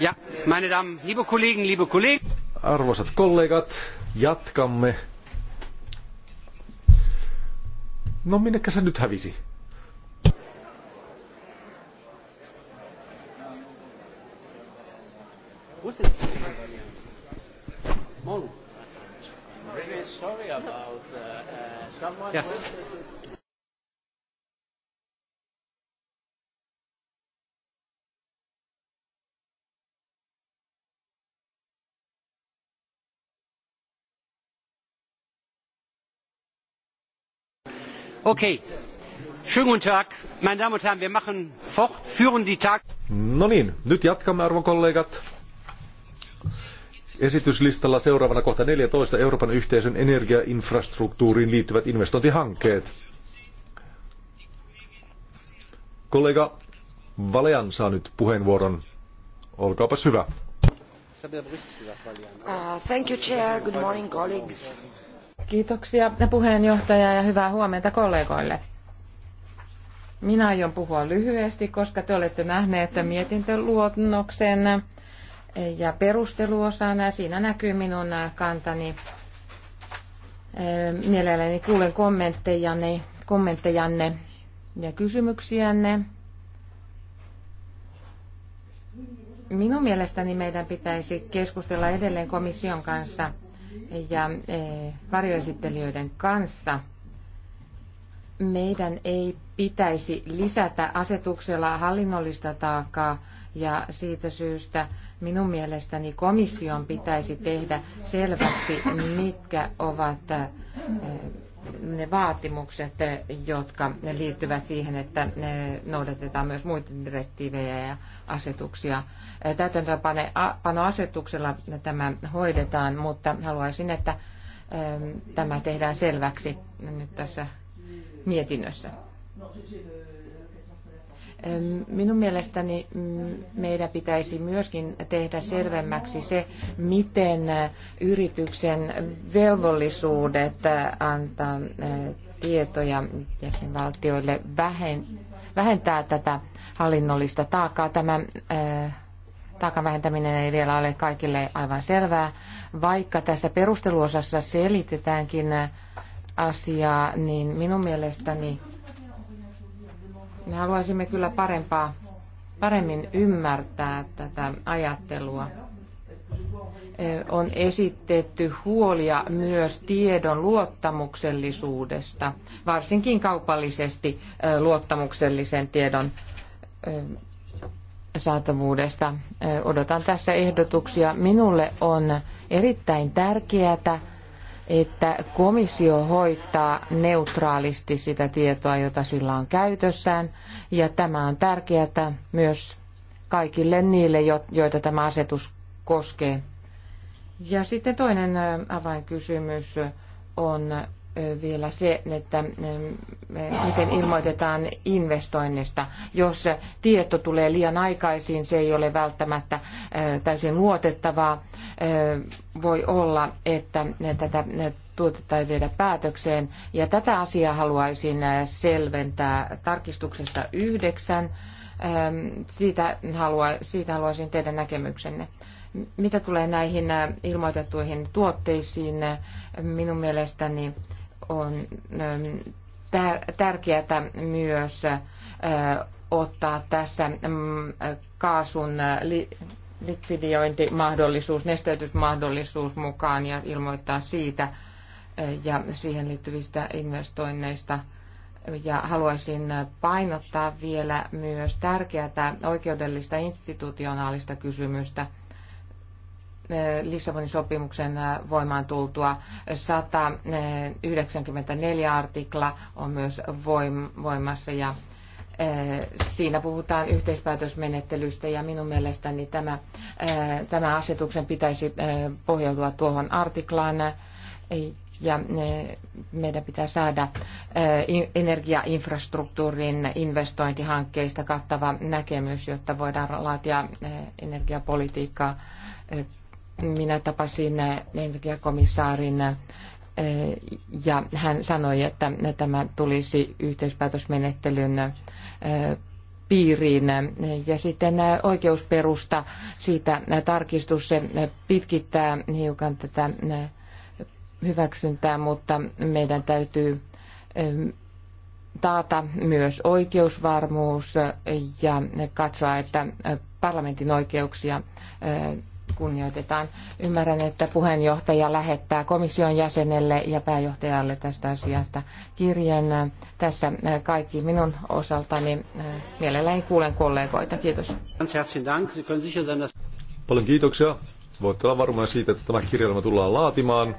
Ja, meine Damen, liebe Kollegen, liebe Kollegen. Arvoisat kollegat, jatkamme. No minnekä se nyt hävisi? Uh, uh, yes. Okay. Schönen guten Tag, meine Damen und Herren, wir machen fort, führen die Tag. No niin, nyt jatkamme arvon kollegat. Esityslistalla seuraavana kohta 14 Euroopan yhteisön energiainfrastruktuuriin liittyvät investointihankkeet. Kollega Valean saa nyt puheenvuoron. Olkaapas hyvä. Uh, thank you, Chair. Good morning, colleagues. Kiitoksia puheenjohtaja ja hyvää huomenta kollegoille. Minä aion puhua lyhyesti, koska te olette nähneet mietintöluonnoksen ja perusteluosana. Siinä näkyy minun kantani. Mielelläni kuulen kommenttejanne, kommenttejanne ja kysymyksiänne. Minun mielestäni meidän pitäisi keskustella edelleen komission kanssa – ja e, varjoesittelijöiden kanssa. Meidän ei pitäisi lisätä asetuksella hallinnollista taakkaa ja siitä syystä minun mielestäni komission pitäisi tehdä selväksi, mitkä ovat e, ne vaatimukset, jotka liittyvät siihen, että ne noudatetaan myös muita direktiivejä ja asetuksia. Täytäntöönpanoasetuksella tämä hoidetaan, mutta haluaisin, että ähm, tämä tehdään selväksi nyt tässä mietinnössä. No, siis, äh, Minun mielestäni mm, meidän pitäisi myöskin tehdä selvemmäksi se, miten yrityksen velvollisuudet antaa tietoja jäsenvaltioille vähentää tätä hallinnollista taakkaa. Tämä taakan vähentäminen ei vielä ole kaikille aivan selvää, vaikka tässä perusteluosassa selitetäänkin asiaa, niin minun mielestäni me haluaisimme kyllä parempaa, paremmin ymmärtää tätä ajattelua. E, on esitetty huolia myös tiedon luottamuksellisuudesta, varsinkin kaupallisesti e, luottamuksellisen tiedon e, saatavuudesta. Odotan tässä ehdotuksia. Minulle on erittäin tärkeää, että komissio hoitaa neutraalisti sitä tietoa, jota sillä on käytössään. Ja tämä on tärkeää myös kaikille niille, joita tämä asetus koskee. Ja sitten toinen avainkysymys on vielä se, että miten ilmoitetaan investoinnista. Jos tieto tulee liian aikaisin, se ei ole välttämättä eh, täysin luotettavaa. Eh, voi olla, että tätä tuotetta ei viedä päätökseen. Ja tätä asiaa haluaisin eh, selventää tarkistuksesta yhdeksän. Siitä, halua, siitä haluaisin teidän näkemyksenne. Mitä tulee näihin ilmoitettuihin tuotteisiin, minun mielestäni on ähm, tärkeää myös äh, ottaa tässä mm, kaasun äh, likvidiointimahdollisuus, nesteytysmahdollisuus mukaan ja ilmoittaa siitä äh, ja siihen liittyvistä investoinneista. Ja haluaisin painottaa vielä myös tärkeää oikeudellista institutionaalista kysymystä – Eh, Lissabonin sopimuksen eh, voimaan tultua 194 eh, artikla on myös voimassa ja siinä puhutaan yhteispäätösmenettelystä ja minun mielestäni tämä, tämä asetuksen pitäisi pohjautua tuohon artiklaan ja meidän pitää saada energiainfrastruktuurin investointihankkeista kattava näkemys, jotta voidaan laatia energiapolitiikkaa minä tapasin äh, energiakomissaarin äh, ja hän sanoi, että tämä tulisi yhteispäätösmenettelyn äh, piiriin. Ja sitten oikeusperusta, siitä tarkistus, se pitkittää hiukan tätä hyväksyntää, mutta meidän täytyy ähm, taata myös oikeusvarmuus ja katsoa, että parlamentin oikeuksia kunnioitetaan. Ymmärrän, että puheenjohtaja lähettää komission jäsenelle ja pääjohtajalle tästä asiasta kirjeen. Tässä äh, kaikki minun osaltani. Äh, mielelläni kuulen kollegoita. Kiitos. Paljon kiitoksia. Voitte olla varmoja siitä, että tämä kirjelmä tullaan laatimaan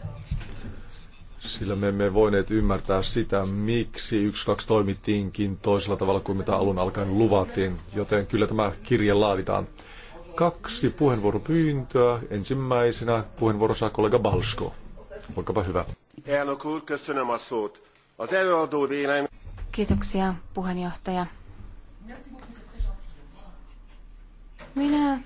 sillä me emme voineet ymmärtää sitä, miksi 1-2 toimittiinkin toisella tavalla kuin mitä alun alkaen luvattiin, joten kyllä tämä kirje laaditaan kaksi puheenvuoropyyntöä. Ensimmäisenä puheenvuoro saa kollega Balsko. Olkaapa hyvä. Kiitoksia puheenjohtaja. Minä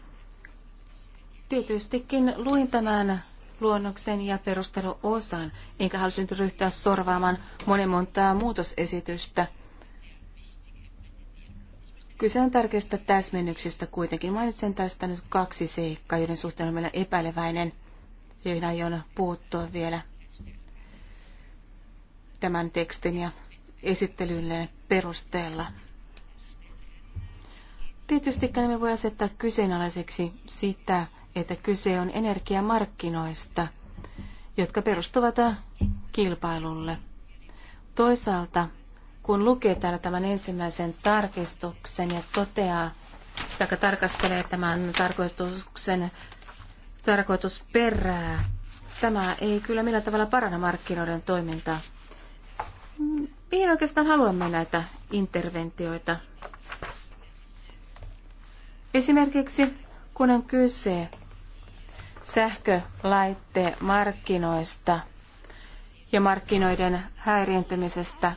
tietystikin luin tämän luonnoksen ja perusteluosan, enkä halusin ryhtyä sorvaamaan monen montaa muutosesitystä – Kyse on tärkeästä täsmennyksestä kuitenkin. Mainitsen tästä nyt kaksi seikkaa, joiden suhteen on meillä epäileväinen, joihin aion puuttua vielä tämän tekstin ja esittelylle perusteella. Tietysti me voi asettaa kyseenalaiseksi sitä, että kyse on energiamarkkinoista, jotka perustuvat kilpailulle. Toisaalta kun lukee täällä tämän ensimmäisen tarkistuksen ja toteaa, tai tarkastelee tämän tarkoituksen tarkoitusperää, tämä ei kyllä millään tavalla paranna markkinoiden toimintaa. Mihin oikeastaan haluamme näitä interventioita? Esimerkiksi kun on kyse markkinoista ja markkinoiden häiriintymisestä,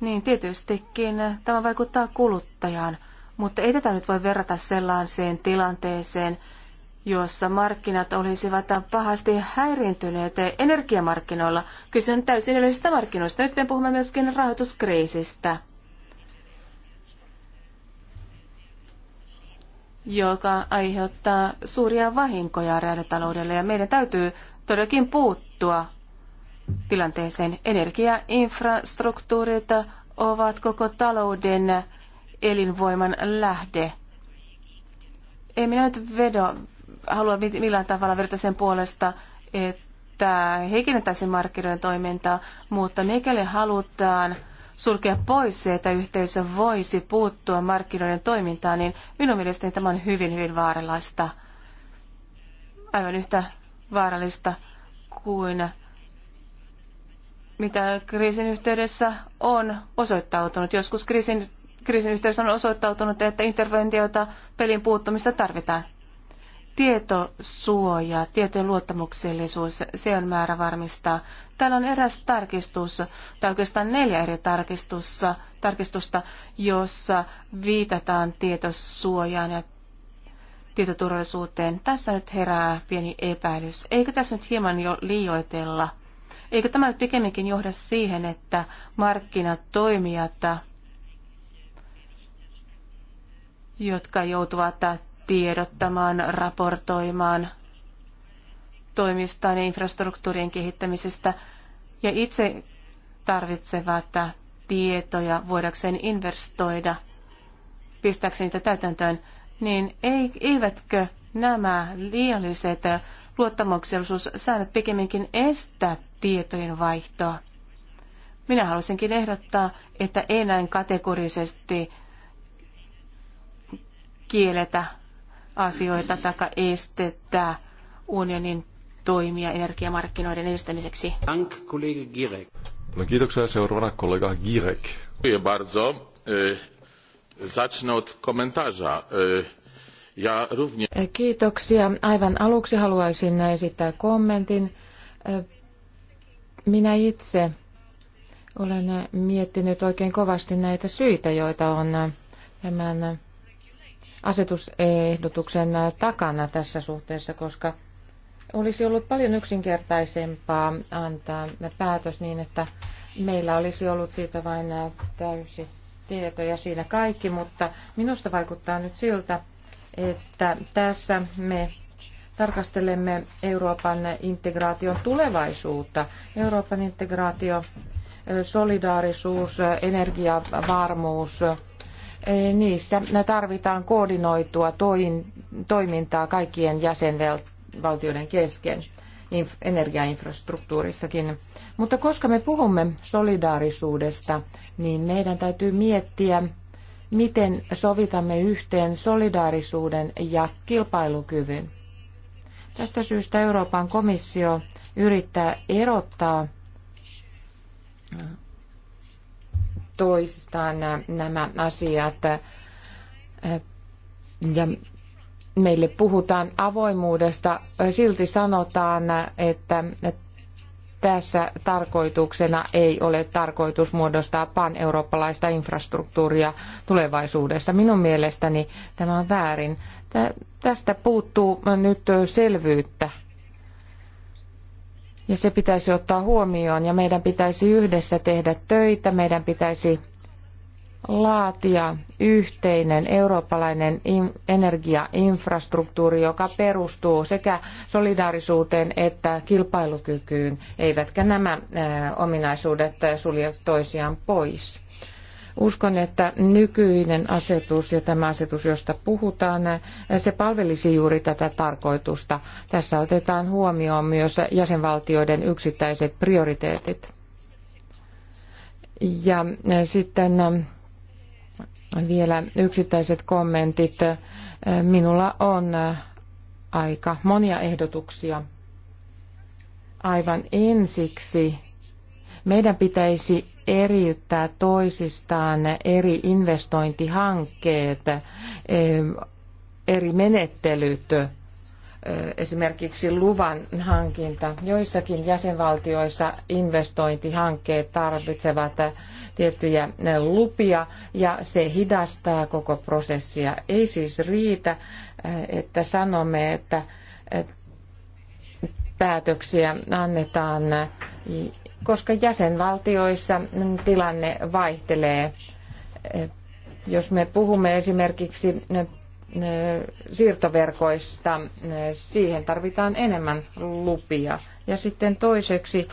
niin tietystikin tämä vaikuttaa kuluttajaan, mutta ei tätä nyt voi verrata sellaiseen tilanteeseen, jossa markkinat olisivat pahasti häiriintyneet energiamarkkinoilla. Kyse on täysin erillisistä markkinoista. Nyt puhumme myöskin rahoituskriisistä, joka aiheuttaa suuria vahinkoja reaalitaloudelle ja meidän täytyy todellakin puuttua tilanteeseen. Energiainfrastruktuurit ovat koko talouden elinvoiman lähde. Ei minä nyt vedo, halua millään tavalla vedota sen puolesta, että heikennettäisiin markkinoiden toimintaa, mutta mikäli halutaan sulkea pois se, että yhteisö voisi puuttua markkinoiden toimintaan, niin minun mielestäni tämä on hyvin, hyvin vaarallista. Aivan yhtä vaarallista kuin mitä kriisin yhteydessä on osoittautunut. Joskus kriisin, kriisin yhteydessä on osoittautunut, että interventioita pelin puuttumista tarvitaan. Tietosuoja, tietojen luottamuksellisuus, se on määrä varmistaa. Täällä on eräs tarkistus, tai oikeastaan neljä eri tarkistusta, tarkistusta jossa viitataan tietosuojaan ja tietoturvallisuuteen. Tässä nyt herää pieni epäilys. Eikö tässä nyt hieman jo liioitella – Eikö tämä nyt pikemminkin johda siihen, että markkinatoimijat, jotka joutuvat tiedottamaan, raportoimaan toimistaan ja infrastruktuurien kehittämisestä, ja itse tarvitsevat tietoja voidakseen investoida, pistääkseen niitä täytäntöön, niin eivätkö nämä liialliset luottamuksellisuussäännöt pikemminkin estä tietojen vaihtoa. Minä haluaisinkin ehdottaa, että ei näin kategorisesti kielletä asioita tai estettä unionin toimia energiamarkkinoiden edistämiseksi. Dank, kollega Girek. No kiitoksia seuraavana kollega Girek. Dziękuję bardzo. E, zacznę od komentarza. E, ja również... E, kiitoksia. Aivan aluksi haluaisin esittää kommentin. Minä itse olen miettinyt oikein kovasti näitä syitä, joita on tämän asetusehdotuksen takana tässä suhteessa, koska olisi ollut paljon yksinkertaisempaa antaa päätös niin, että meillä olisi ollut siitä vain täysi tieto ja siinä kaikki, mutta minusta vaikuttaa nyt siltä, että tässä me tarkastelemme Euroopan integraation tulevaisuutta. Euroopan integraatio, solidaarisuus, energiavarmuus, niissä tarvitaan koordinoitua toimintaa kaikkien jäsenvaltioiden kesken energiainfrastruktuurissakin. Mutta koska me puhumme solidaarisuudesta, niin meidän täytyy miettiä, miten sovitamme yhteen solidaarisuuden ja kilpailukyvyn. Tästä syystä Euroopan komissio yrittää erottaa toistaan nämä asiat. Ja meille puhutaan avoimuudesta, silti sanotaan, että tässä tarkoituksena ei ole tarkoitus muodostaa pan-eurooppalaista infrastruktuuria tulevaisuudessa. Minun mielestäni tämä on väärin. Tästä puuttuu nyt selvyyttä. Ja se pitäisi ottaa huomioon ja meidän pitäisi yhdessä tehdä töitä, meidän pitäisi laatia yhteinen eurooppalainen energiainfrastruktuuri, joka perustuu sekä solidaarisuuteen että kilpailukykyyn, eivätkä nämä ominaisuudet sulje toisiaan pois. Uskon, että nykyinen asetus ja tämä asetus, josta puhutaan, se palvelisi juuri tätä tarkoitusta. Tässä otetaan huomioon myös jäsenvaltioiden yksittäiset prioriteetit. Ja sitten vielä yksittäiset kommentit. Minulla on aika monia ehdotuksia. Aivan ensiksi meidän pitäisi eriyttää toisistaan eri investointihankkeet, eh, eri menettelyt, eh, esimerkiksi luvan hankinta. Joissakin jäsenvaltioissa investointihankkeet tarvitsevat tiettyjä lupia ja se hidastaa koko prosessia. Ei siis riitä, eh, että sanomme, että päätöksiä annetaan koska jäsenvaltioissa tilanne vaihtelee. Jos me puhumme esimerkiksi eh, siirtoverkoista, eh, siihen tarvitaan enemmän lupia. Ja sitten toiseksi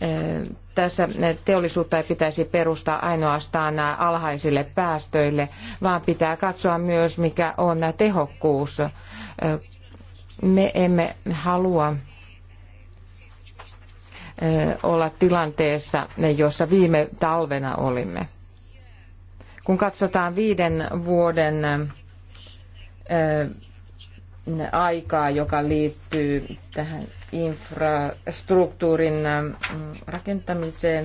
eh, tässä teollisuutta ei pitäisi perustaa ainoastaan alhaisille päästöille, vaan pitää katsoa myös, mikä on tehokkuus. Me emme halua olla tilanteessa, jossa viime talvena olimme. Kun katsotaan viiden vuoden aikaa, joka liittyy tähän infrastruktuurin rakentamiseen,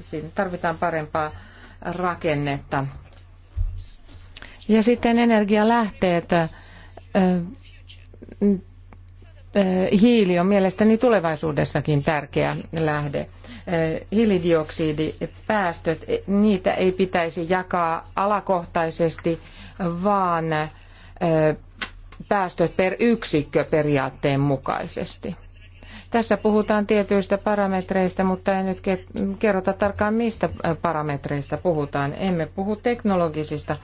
siinä tarvitaan parempaa rakennetta. Ja sitten energialähteet hiili on mielestäni tulevaisuudessakin tärkeä lähde. Hiilidioksidipäästöt, e, niitä ei pitäisi jakaa alakohtaisesti, vaan päästöt per yksikkö periaatteen mukaisesti. Tässä puhutaan tietyistä parametreista, mutta ei nyt kerrota tarkkaan mistä parametreista puhutaan. Emme puhu teknologisista,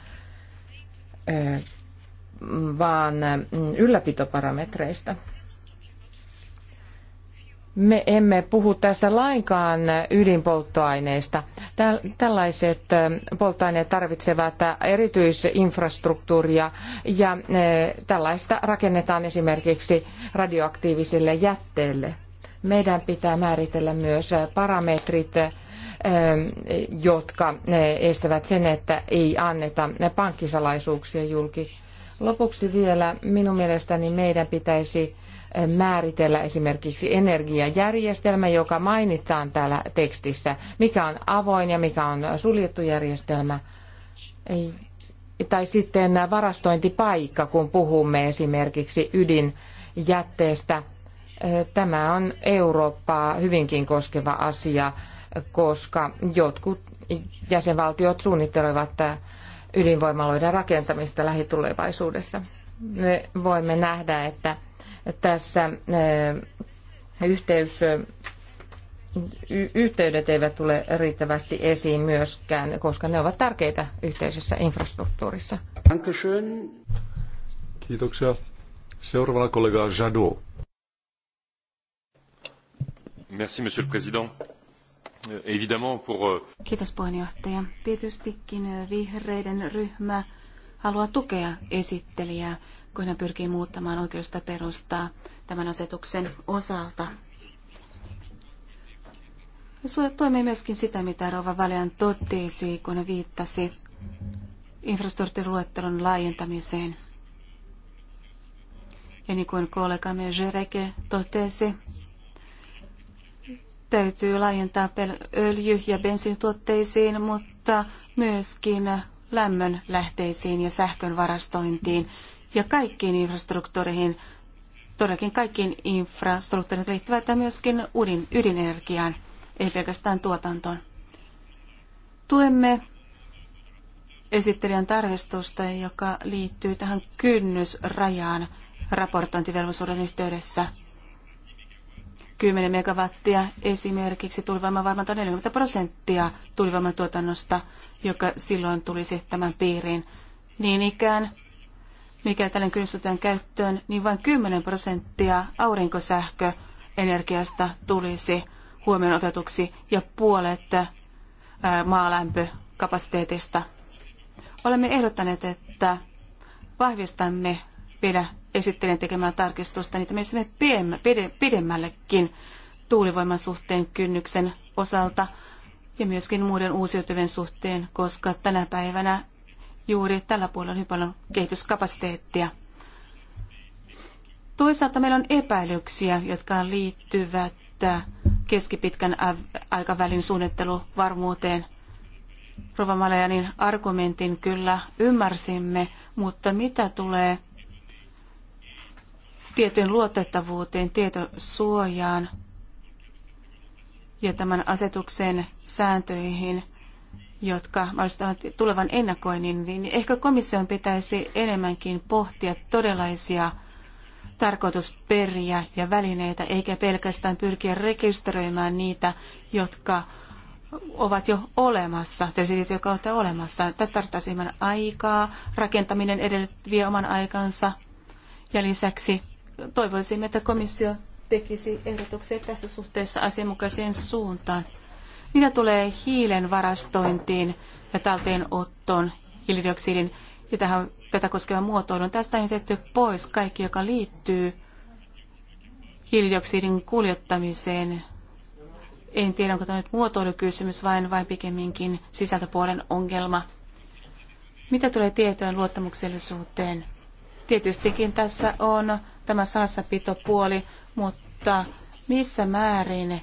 vaan mm, ylläpitoparametreista. Me emme puhu tässä lainkaan ydinpolttoaineista. Tällaiset polttoaineet tarvitsevat erityisinfrastruktuuria ja tällaista rakennetaan esimerkiksi radioaktiivisille jätteille. Meidän pitää määritellä myös parametrit, jotka estävät sen, että ei anneta pankkisalaisuuksia julki. Lopuksi vielä minun mielestäni meidän pitäisi määritellä esimerkiksi energiajärjestelmä, joka mainitaan täällä tekstissä, mikä on avoin ja mikä on suljettu järjestelmä. Ei, tai sitten varastointipaikka, kun puhumme esimerkiksi ydinjätteestä. Tämä on Eurooppaa hyvinkin koskeva asia, koska jotkut jäsenvaltiot suunnittelevat ydinvoimaloiden rakentamista lähitulevaisuudessa. Me voimme nähdä, että tässä eh, yhteys, yhteydet eivät tule riittävästi esiin myöskään, koska ne ovat tärkeitä yhteisessä infrastruktuurissa. Kiitoksia. Seuraavana kollega Jadot. Merci, monsieur le président. Évidemment pour... Euh, Kiitos puheenjohtaja. Tietystikin eh, vihreiden ryhmä haluaa tukea esittelijää kun hän pyrkii muuttamaan oikeusta perustaa tämän asetuksen osalta. Se toimii myöskin sitä, mitä Rova Valian totesi, kun hän viittasi infrastruktuuriluettelon laajentamiseen. Ja niin kuin kollegamme Jereke totesi, täytyy laajentaa öljy- ja bensiinituotteisiin, mutta myöskin lämmön lähteisiin ja sähkön varastointiin ja kaikkiin infrastruktuureihin, todellakin kaikkiin infrastruktuureihin liittyvät että myöskin udin, ydinenergiaan, ei pelkästään tuotantoon. Tuemme esittelijän tarkistusta, joka liittyy tähän kynnysrajaan raportointivelvollisuuden yhteydessä. 10 megawattia esimerkiksi tulivoiman varmaan 40 prosenttia tulivoiman tuotannosta, joka silloin tulisi tämän piiriin. Niin ikään mikä tällöin kynnystetään käyttöön, niin vain 10 prosenttia aurinkosähköenergiasta tulisi huomioon otetuksi ja puolet maalämpökapasiteetista. Olemme ehdottaneet, että vahvistamme vielä esittelen tekemään tarkistusta, niin että menisimme pidemmällekin tuulivoiman suhteen kynnyksen osalta ja myöskin muiden uusiutuvien suhteen, koska tänä päivänä Juuri tällä puolella on hyvin paljon kehityskapasiteettia. Toisaalta meillä on epäilyksiä, jotka liittyvät keskipitkän aikavälin suunnitteluvarmuuteen. Rova Malajanin argumentin kyllä ymmärsimme, mutta mitä tulee tietyn luotettavuuteen, tietosuojaan ja tämän asetuksen sääntöihin – jotka mahdollistavat tulevan ennakoinnin, niin ehkä komission pitäisi enemmänkin pohtia todellisia tarkoitusperiä ja välineitä, eikä pelkästään pyrkiä rekisteröimään niitä, jotka ovat jo olemassa, sellaisia, jotka ovat jo olemassa. Tästä tarvittaisiin hieman aikaa, rakentaminen edellyttää vie oman aikansa. Ja lisäksi toivoisimme, että komissio tekisi ehdotuksia tässä suhteessa asianmukaiseen suuntaan. Mitä tulee hiilen varastointiin ja talteenottoon, hiilidioksidin ja tähän, tätä koskevan muotoilun, tästä on jätetty pois kaikki, joka liittyy hiilidioksidin kuljettamiseen. En tiedä, onko tämä nyt muotoilukysymys vain, vain pikemminkin sisältöpuolen ongelma. Mitä tulee tietojen luottamuksellisuuteen? Tietystikin tässä on tämä salassapitopuoli, mutta missä määrin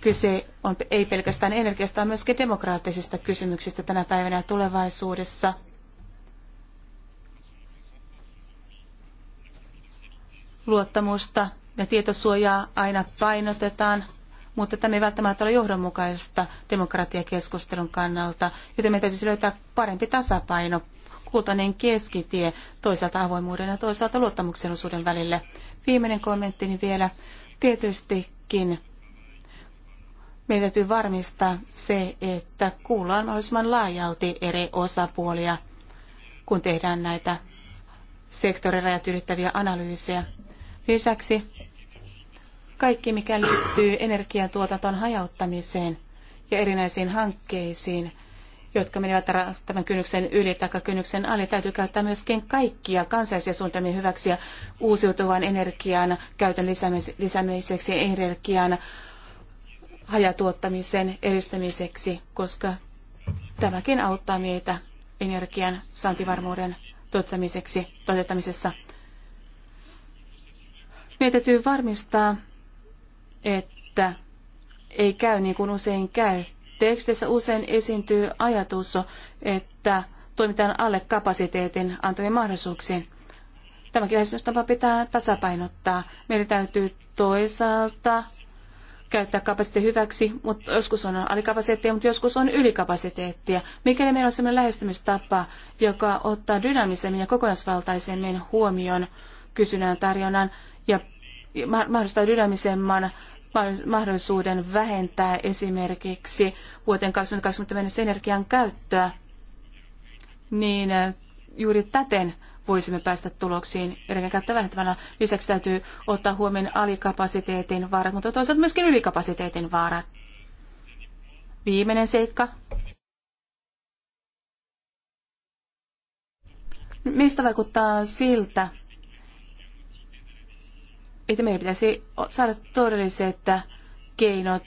Kyse on ei pelkästään energiasta, vaan myöskin demokraattisista kysymyksistä tänä päivänä ja tulevaisuudessa. Luottamusta ja tietosuojaa aina painotetaan, mutta tämä ei välttämättä ole johdonmukaista demokratiakeskustelun kannalta, joten meidän täytyisi löytää parempi tasapaino, kultainen keskitie toisaalta avoimuuden ja toisaalta luottamuksellisuuden välille. Viimeinen kommenttini vielä. Tietystikin meidän täytyy varmistaa se, että kuullaan mahdollisimman laajalti eri osapuolia, kun tehdään näitä sektorirajat ylittäviä analyysejä. Lisäksi kaikki, mikä liittyy energiantuotanton hajauttamiseen ja erinäisiin hankkeisiin, jotka menevät tämän kynnyksen yli tai kynnyksen alle, täytyy käyttää myöskin kaikkia kansallisia suunnitelmia hyväksi ja uusiutuvan energian käytön lisäämiseksi energian hajatuottamisen edistämiseksi, koska tämäkin auttaa meitä energian saantivarmuuden tuottamiseksi toteuttamisessa. Meidän täytyy varmistaa, että ei käy niin kuin usein käy. Teksteissä usein esiintyy ajatus, että toimitaan alle kapasiteetin antamien mahdollisuuksien. Tämäkin lähestymistapa pitää tasapainottaa. Meidän täytyy toisaalta käyttää kapasiteetti hyväksi, mutta joskus on alikapasiteettia, mutta joskus on ylikapasiteettia. Mikäli meillä on sellainen lähestymistapa, joka ottaa dynaamisemmin ja kokonaisvaltaisemmin huomioon kysynnän tarjonnan ja mahdollistaa dynaamisemman mahdollisuuden vähentää esimerkiksi vuoteen 2020 mennessä energian käyttöä, niin eh, juuri täten voisimme päästä tuloksiin energiakäyttöä vähentämällä. Lisäksi täytyy ottaa huomioon alikapasiteetin vaarat, mutta toisaalta myöskin ylikapasiteetin vaarat. Viimeinen seikka. Mistä vaikuttaa siltä, että meidän pitäisi saada todelliset keinot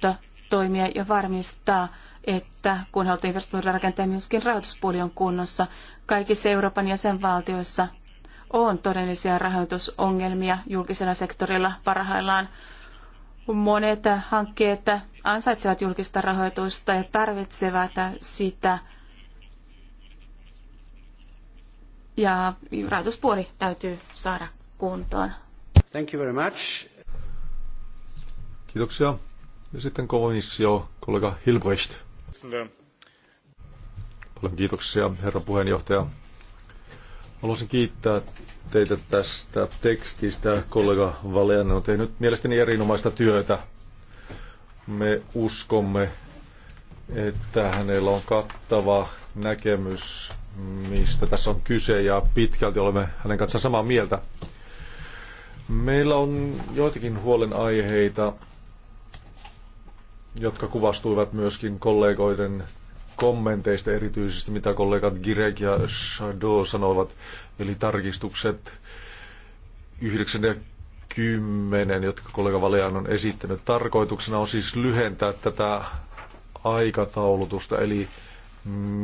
toimia ja varmistaa, että kun halutaan infrastruktuurin rakentaa, myöskin rahoituspuoli on kunnossa kaikissa Euroopan jäsenvaltioissa on todellisia rahoitusongelmia julkisella sektorilla parhaillaan. Monet hankkeet ansaitsevat julkista rahoitusta ja tarvitsevat sitä. Ja rahoituspuoli täytyy saada kuntoon. Thank you very much. Kiitoksia. Ja sitten komissio, kollega Hilbrecht. Paljon kiitoksia, herra puheenjohtaja. Haluaisin kiittää teitä tästä tekstistä. Kollega Valean on tehnyt mielestäni erinomaista työtä. Me uskomme, että hänellä on kattava näkemys, mistä tässä on kyse, ja pitkälti olemme hänen kanssaan samaa mieltä. Meillä on joitakin huolenaiheita, jotka kuvastuivat myöskin kollegoiden kommenteista, erityisesti mitä kollegat Girek ja Shadow sanoivat, eli tarkistukset 9 ja 10, jotka kollega Valean on esittänyt. Tarkoituksena on siis lyhentää tätä aikataulutusta, eli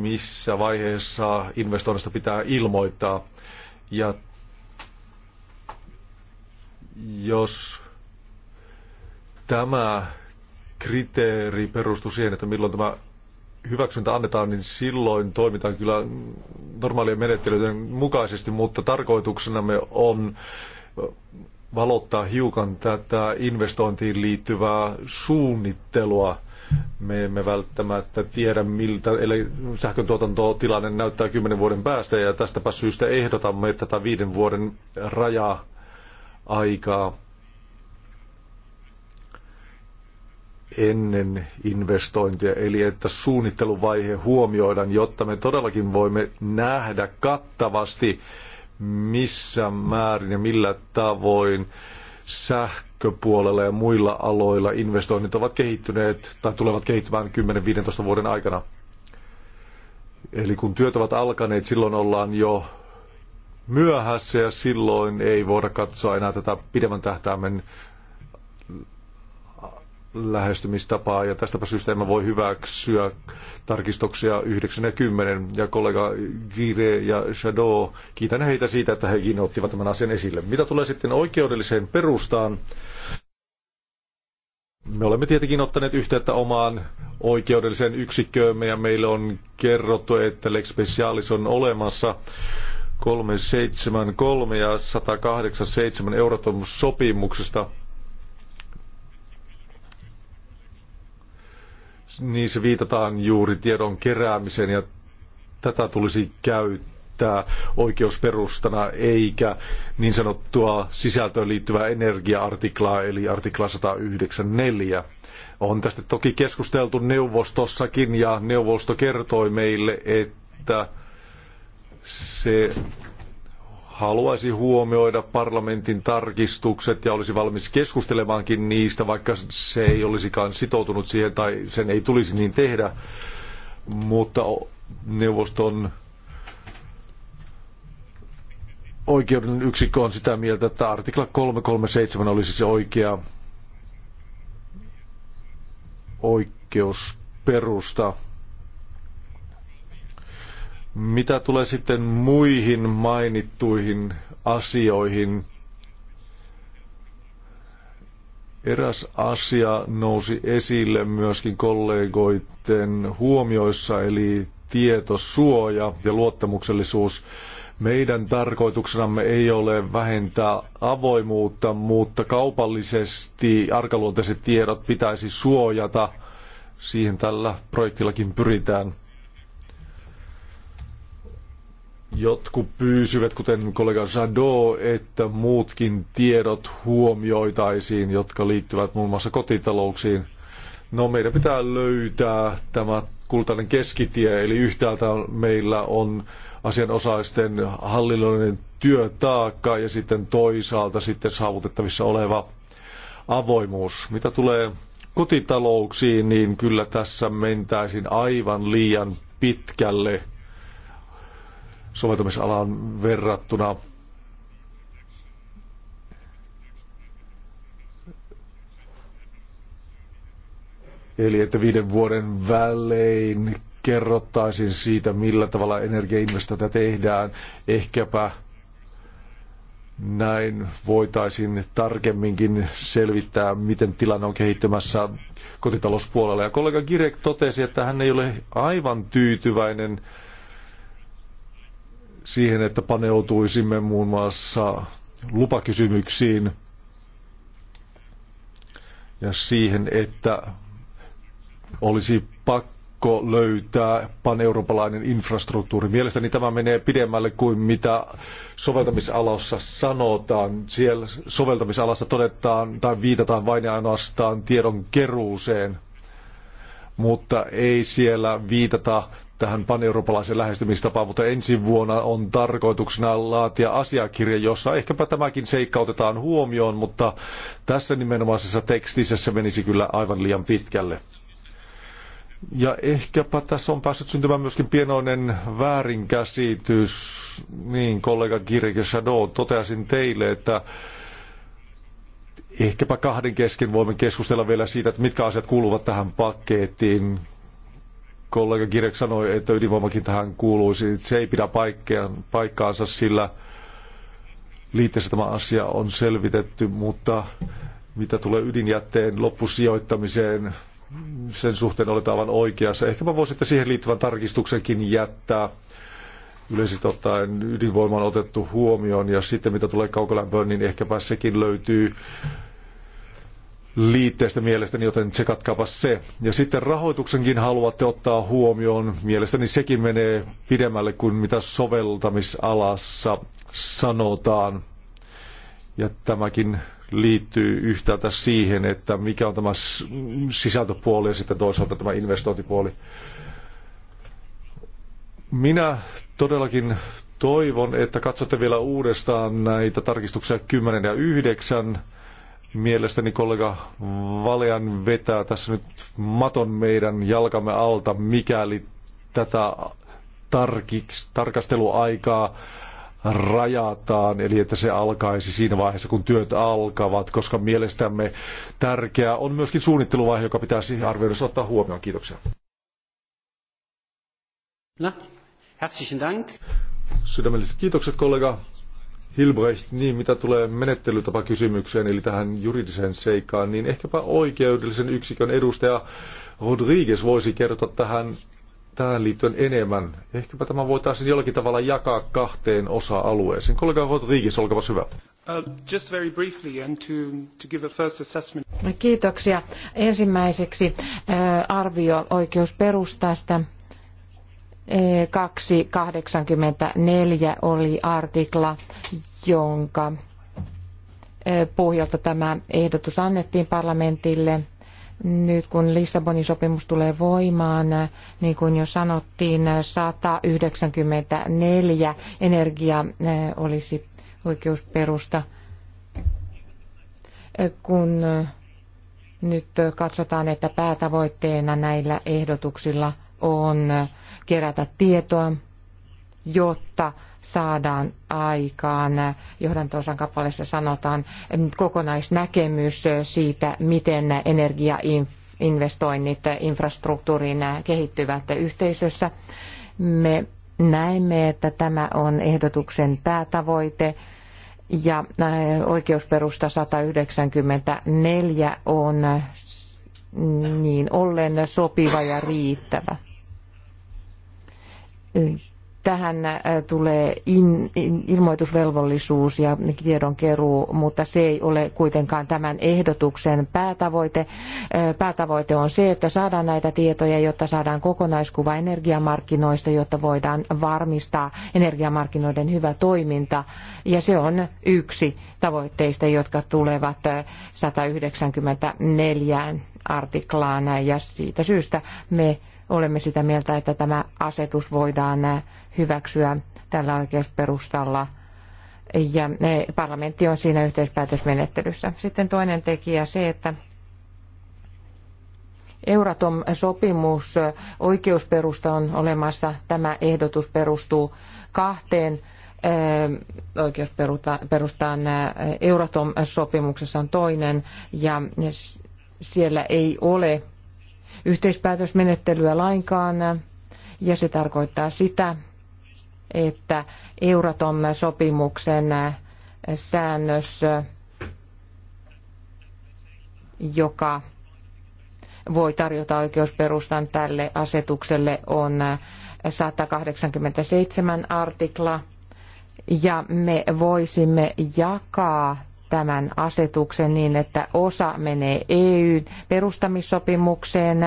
missä vaiheessa investoinnista pitää ilmoittaa. Ja jos tämä kriteeri perustuu siihen, että milloin tämä hyväksyntä annetaan, niin silloin toimitaan kyllä normaalien menettelyiden mukaisesti, mutta tarkoituksenamme on valottaa hiukan tätä investointiin liittyvää suunnittelua. Me emme välttämättä tiedä, miltä eli sähköntuotantotilanne näyttää kymmenen vuoden päästä, ja tästäpä syystä ehdotamme tätä viiden vuoden rajaa aikaa ennen investointia, eli että suunnitteluvaihe huomioidaan, jotta me todellakin voimme nähdä kattavasti, missä määrin ja millä tavoin sähköpuolella ja muilla aloilla investoinnit ovat kehittyneet tai tulevat kehittymään 10-15 vuoden aikana. Eli kun työt ovat alkaneet, silloin ollaan jo myöhässä ja silloin ei voida katsoa enää tätä pidemmän tähtäimen lähestymistapaa ja tästäpä syystä emme voi hyväksyä tarkistuksia 9 ja 10. Ja kollega Gire ja Shadow, kiitän heitä siitä, että hekin ottivat tämän asian esille. Mitä tulee sitten oikeudelliseen perustaan, me olemme tietenkin ottaneet yhteyttä omaan oikeudelliseen yksikköömme ja meille on kerrottu, että Lex Specialis on olemassa. 373 ja 187 Euratom sopimuksesta niissä viitataan juuri tiedon keräämiseen ja tätä tulisi käyttää oikeusperustana eikä niin sanottua sisältöön liittyvää energiaartiklaa eli artikla 194. On tästä toki keskusteltu neuvostossakin ja neuvosto kertoi meille, että se haluaisi huomioida parlamentin tarkistukset ja olisi valmis keskustelemaankin niistä, vaikka se ei olisikaan sitoutunut siihen tai sen ei tulisi niin tehdä. Mutta neuvoston oikeuden yksikkö on sitä mieltä, että artikla 337 olisi se oikea oikeusperusta. Mitä tulee sitten muihin mainittuihin asioihin, Eräs asia nousi esille myöskin kollegoiden huomioissa, eli tietosuoja ja luottamuksellisuus. Meidän tarkoituksenamme ei ole vähentää avoimuutta, mutta kaupallisesti arkaluonteiset tiedot pitäisi suojata. Siihen tällä projektillakin pyritään. Jotkut pyysivät, kuten kollega Jadot, että muutkin tiedot huomioitaisiin, jotka liittyvät muun muassa kotitalouksiin. No meidän pitää löytää tämä kultainen keskitie, eli yhtäältä meillä on asianosaisten hallinnollinen työtaakka ja sitten toisaalta sitten saavutettavissa oleva avoimuus. Mitä tulee kotitalouksiin, niin kyllä tässä mentäisin aivan liian pitkälle – soveltamisalaan verrattuna. Eli että viiden vuoden välein kerrottaisiin siitä, millä tavalla energiainvestointeja tehdään. Ehkäpä näin voitaisiin tarkemminkin selvittää, miten tilanne on kehittymässä kotitalouspuolella. Ja kollega Girek totesi, että hän ei ole aivan tyytyväinen siihen, että paneutuisimme muun muassa lupakysymyksiin ja siihen, että olisi pakko löytää paneurooppalainen infrastruktuuri. Mielestäni tämä menee pidemmälle kuin mitä soveltamisalassa sanotaan. Siellä soveltamisalassa todetaan tai viitataan vain ja ainoastaan tiedon keruuseen, mutta ei siellä viitata tähän paneurooppalaiseen lähestymistapaan, mutta ensi vuonna on tarkoituksena laatia asiakirja, jossa ehkäpä tämäkin seikka otetaan huomioon, mutta tässä nimenomaisessa tekstissä se menisi kyllä aivan liian pitkälle. Ja ehkäpä tässä on päässyt syntymään myöskin pienoinen väärinkäsitys. Niin, kollega Kirke Shadow, toteasin teille, että ehkäpä kahden kesken voimme keskustella vielä siitä, että mitkä asiat kuuluvat tähän pakettiin kollega Kirek sanoi, että ydinvoimakin tähän kuuluisi. Se ei pidä paikkaansa, sillä liitteessä tämä asia on selvitetty, mutta mitä tulee ydinjätteen loppusijoittamiseen, sen suhteen olet aivan oikeassa. mä voisin siihen liittyvän tarkistuksenkin jättää. Yleisesti ottaen ydinvoima on otettu huomioon ja sitten mitä tulee kaukolämpöön, niin ehkäpä sekin löytyy liitteestä mielestäni, joten tsekatkaapa se. Ja sitten rahoituksenkin haluatte ottaa huomioon. Mielestäni sekin menee pidemmälle kuin mitä soveltamisalassa sanotaan. Ja tämäkin liittyy yhtäältä siihen, että mikä on tämä sisältöpuoli ja sitten toisaalta tämä investointipuoli. Minä todellakin toivon, että katsotte vielä uudestaan näitä tarkistuksia 10 ja 9 Mielestäni kollega Valian vetää tässä nyt maton meidän jalkamme alta, mikäli tätä tarkiks, tarkasteluaikaa rajataan, eli että se alkaisi siinä vaiheessa, kun työt alkavat, koska mielestämme tärkeää on myöskin suunnitteluvaihe, joka pitäisi arvioida ottaa huomioon. Kiitoksia. herzlichen Dank. Sydämelliset kiitokset kollega. Hilbrecht, niin mitä tulee menettelytapakysymykseen, eli tähän juridiseen seikkaan, niin ehkäpä oikeudellisen yksikön edustaja Rodriguez voisi kertoa tähän, tähän liittyen enemmän. Ehkäpä tämä voitaisiin jollakin tavalla jakaa kahteen osa-alueeseen. Kollega Rodriguez, olkaa hyvä. Uh, just very briefly and to, to give a first assessment. Kiitoksia. Ensimmäiseksi uh, arvio oikeusperustasta. 284 e oli artikla, jonka e, pohjalta tämä ehdotus annettiin parlamentille. Nyt kun Lissabonin sopimus tulee voimaan, niin kuin jo sanottiin, 194 energia e, olisi oikeusperusta. Kun nyt katsotaan, että päätavoitteena näillä ehdotuksilla – on kerätä tietoa, jotta saadaan aikaan. Johdantosan kappaleessa sanotaan kokonaisnäkemys siitä, miten energiainvestoinnit infrastruktuuriin kehittyvät yhteisössä. Me näemme, että tämä on ehdotuksen päätavoite ja äh, oikeusperusta 194 on mm, niin ollen sopiva ja riittävä. Tähän äh, tulee in, in, ilmoitusvelvollisuus ja tiedonkeruu, mutta se ei ole kuitenkaan tämän ehdotuksen päätavoite. Äh, päätavoite on se, että saadaan näitä tietoja, jotta saadaan kokonaiskuva energiamarkkinoista, jotta voidaan varmistaa energiamarkkinoiden hyvä toiminta. Ja se on yksi tavoitteista, jotka tulevat 194 äh, artiklaan. Ja siitä syystä me olemme sitä mieltä, että tämä asetus voidaan hyväksyä tällä oikeusperustalla ja eh, parlamentti on siinä yhteispäätösmenettelyssä. Sitten toinen tekijä se, että Euratom-sopimus eh, oikeusperusta on olemassa. Tämä ehdotus perustuu kahteen eh, oikeusperustaan. Euratom-sopimuksessa on toinen ja siellä ei ole yhteispäätösmenettelyä lainkaan, ja se tarkoittaa sitä, että Euratom-sopimuksen säännös, joka voi tarjota oikeusperustan tälle asetukselle, on 187 artikla, ja me voisimme jakaa tämän asetuksen niin, että osa menee EUn perustamissopimukseen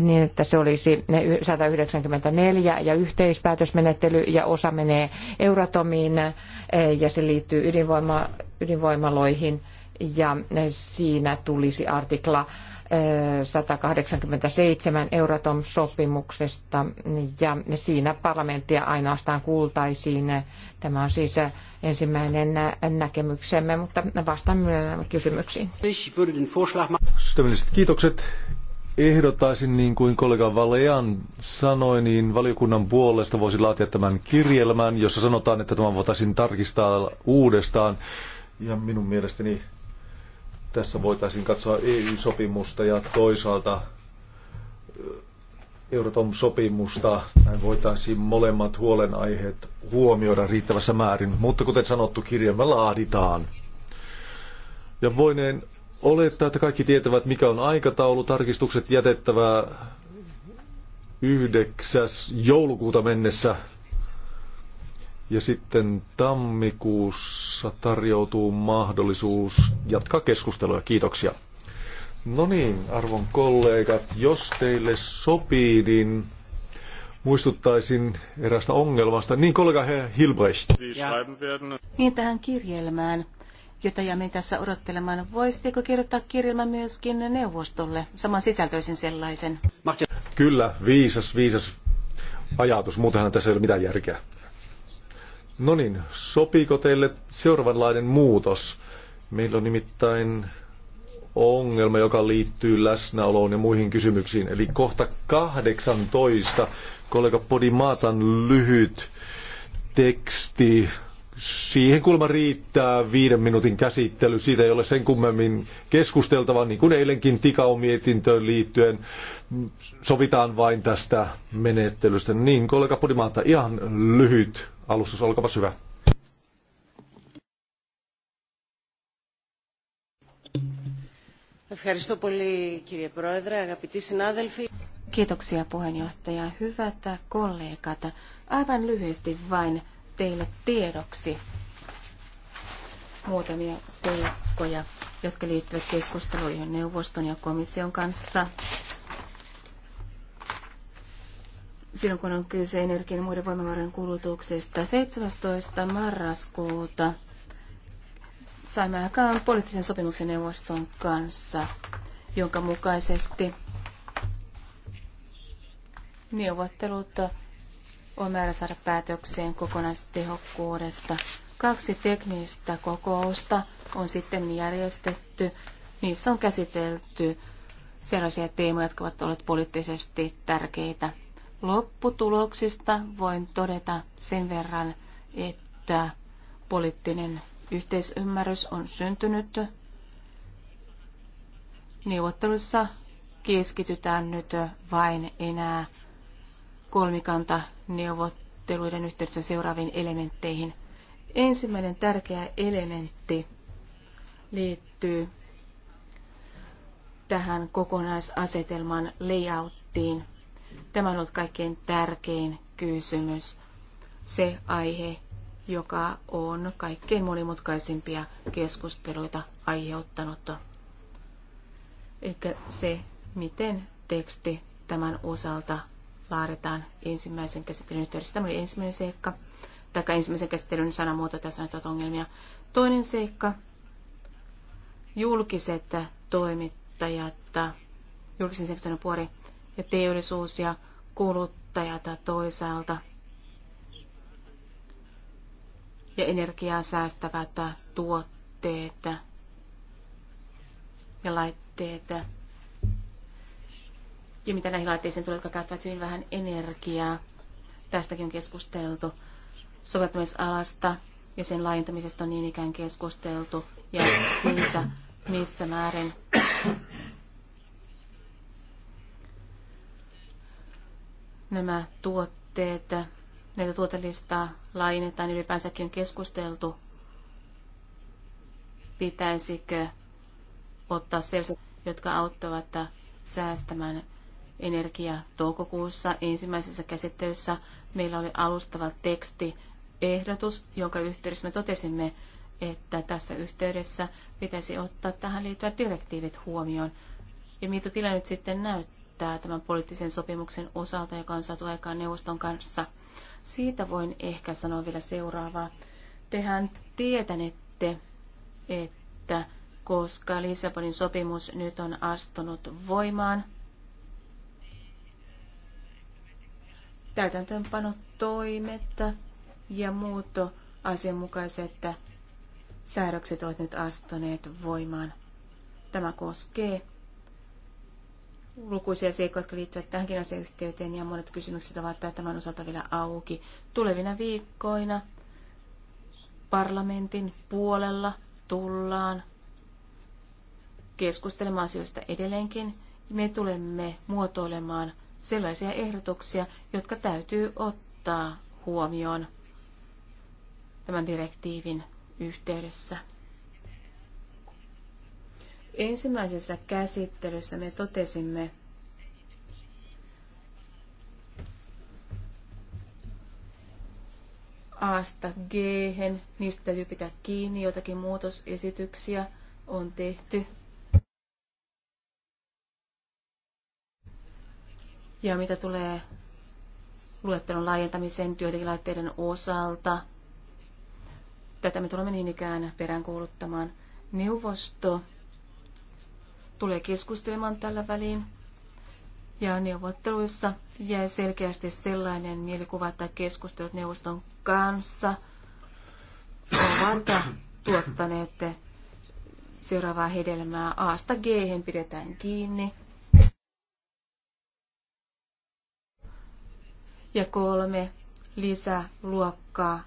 niin, että se olisi 194 ja yhteispäätösmenettely ja osa menee Euratomiin ja se liittyy ydinvoima, ydinvoimaloihin ja siinä tulisi artikla 187 Euratom-sopimuksesta ja siinä parlamenttia ainoastaan kuultaisiin. Tämä on siis ensimmäinen näkemyksemme, mutta vastaamme kysymyksiin. Ystävälliset kiitokset. Ehdotaisin, niin kuin kollega Valean sanoi, niin valiokunnan puolesta voisi laatia tämän kirjelmän, jossa sanotaan, että tämä voitaisiin tarkistaa uudestaan. Ja minun mielestäni tässä voitaisiin katsoa EU-sopimusta ja toisaalta Euratom-sopimusta. Näin voitaisiin molemmat huolenaiheet huomioida riittävässä määrin. Mutta kuten sanottu, kirjamme laaditaan. Ja voineen olettaa, että kaikki tietävät, mikä on aikataulu. Tarkistukset jätettävää 9. joulukuuta mennessä ja sitten tammikuussa tarjoutuu mahdollisuus jatkaa keskustelua. Kiitoksia. No niin, arvon kollegat, jos teille sopii, niin muistuttaisin erästä ongelmasta. Niin, kollega Herr Hilbrecht. Ja. Niin tähän kirjelmään, jota jäämme tässä odottelemaan. voisitko kirjoittaa kirjelmä myöskin neuvostolle, saman sisältöisen sellaisen? Kyllä, viisas, viisas ajatus. Muutenhan tässä ei ole mitään järkeä. No niin, sopiiko teille seuraavanlainen muutos? Meillä on nimittäin ongelma, joka liittyy läsnäoloon ja muihin kysymyksiin. Eli kohta 18, kollega Podimaatan lyhyt teksti Siihen kulma riittää viiden minuutin käsittely. Siitä ei ole sen kummemmin keskusteltava, niin kuin eilenkin Tikau mietintöön liittyen. Sovitaan vain tästä menettelystä. Niin, kollega Podimaata, ihan lyhyt alustus, olkapa hyvä. Kiitoksia puheenjohtaja. Hyvät kollegat, aivan lyhyesti vain teille tiedoksi muutamia seikkoja, jotka liittyvät keskusteluihin neuvoston ja komission kanssa. Silloin kun on kyse energian ja muiden voimavarojen kulutuksesta 17. marraskuuta saimme aikaan poliittisen sopimuksen neuvoston kanssa, jonka mukaisesti neuvottelut on määrä saada päätökseen kokonaistehokkuudesta. Kaksi teknistä kokousta on sitten järjestetty. Niissä on käsitelty sellaisia teemoja, jotka ovat olleet poliittisesti tärkeitä. Lopputuloksista voin todeta sen verran, että poliittinen yhteisymmärrys on syntynyt. Neuvottelussa keskitytään nyt vain enää kolmikanta neuvotteluiden yhteydessä seuraaviin elementteihin. Ensimmäinen tärkeä elementti liittyy tähän kokonaisasetelman layouttiin. Tämä on ollut kaikkein tärkein kysymys, se aihe, joka on kaikkein monimutkaisimpia keskusteluita aiheuttanut. Eli se, miten teksti tämän osalta laaditaan ensimmäisen käsittelyn yhteydessä. Tämä oli ensimmäinen seikka, tai ensimmäisen käsittelyn sanamuoto tässä on ongelmia. Toinen seikka, julkiset toimittajat, julkisen sektorin puoli ja teollisuus ja kuluttajat toisaalta ja energiaa säästävät tuotteet ja laitteet ja mitä näihin laitteisiin tulee, jotka käyttävät hyvin vähän energiaa. Tästäkin on keskusteltu. Soveltamisalasta ja sen laajentamisesta on niin ikään keskusteltu ja siitä, missä määrin nämä tuotteet, näitä tuotelistaa laajennetaan, niin ylipäänsäkin on keskusteltu, pitäisikö ottaa sellaiset, jotka auttavat säästämään energia toukokuussa ensimmäisessä käsittelyssä meillä oli alustava teksti ehdotus, jonka yhteydessä me totesimme, että tässä yhteydessä pitäisi ottaa tähän liittyvät direktiivit huomioon. Ja miltä tilanne nyt sitten näyttää tämän poliittisen sopimuksen osalta, joka on saatu aikaan neuvoston kanssa? Siitä voin ehkä sanoa vielä seuraavaa. Tehän tietänette, että koska Lissabonin sopimus nyt on astunut voimaan – täytäntöönpanotoimet ja muut asianmukaiset säädökset ovat nyt astuneet voimaan. Tämä koskee lukuisia seikkoja, jotka liittyvät tähänkin asiayhteyteen ja monet kysymykset ovat tämän osalta vielä auki. Tulevina viikkoina parlamentin puolella tullaan keskustelemaan asioista edelleenkin. Me tulemme muotoilemaan – sellaisia ehdotuksia, jotka täytyy ottaa huomioon tämän direktiivin yhteydessä. Ensimmäisessä käsittelyssä me totesimme, aasta g niistä täytyy pitää kiinni, jotakin muutosesityksiä on tehty. Ja mitä tulee luettelon laajentamiseen työtekilaitteiden osalta, tätä me tulemme niin ikään peräänkuuluttamaan. Neuvosto tulee keskustelemaan tällä väliin. Ja neuvotteluissa jäi selkeästi sellainen mielikuva, että keskustelut neuvoston kanssa ovat tuottaneet seuraavaa hedelmää. Aasta G pidetään kiinni ja kolme lisäluokkaa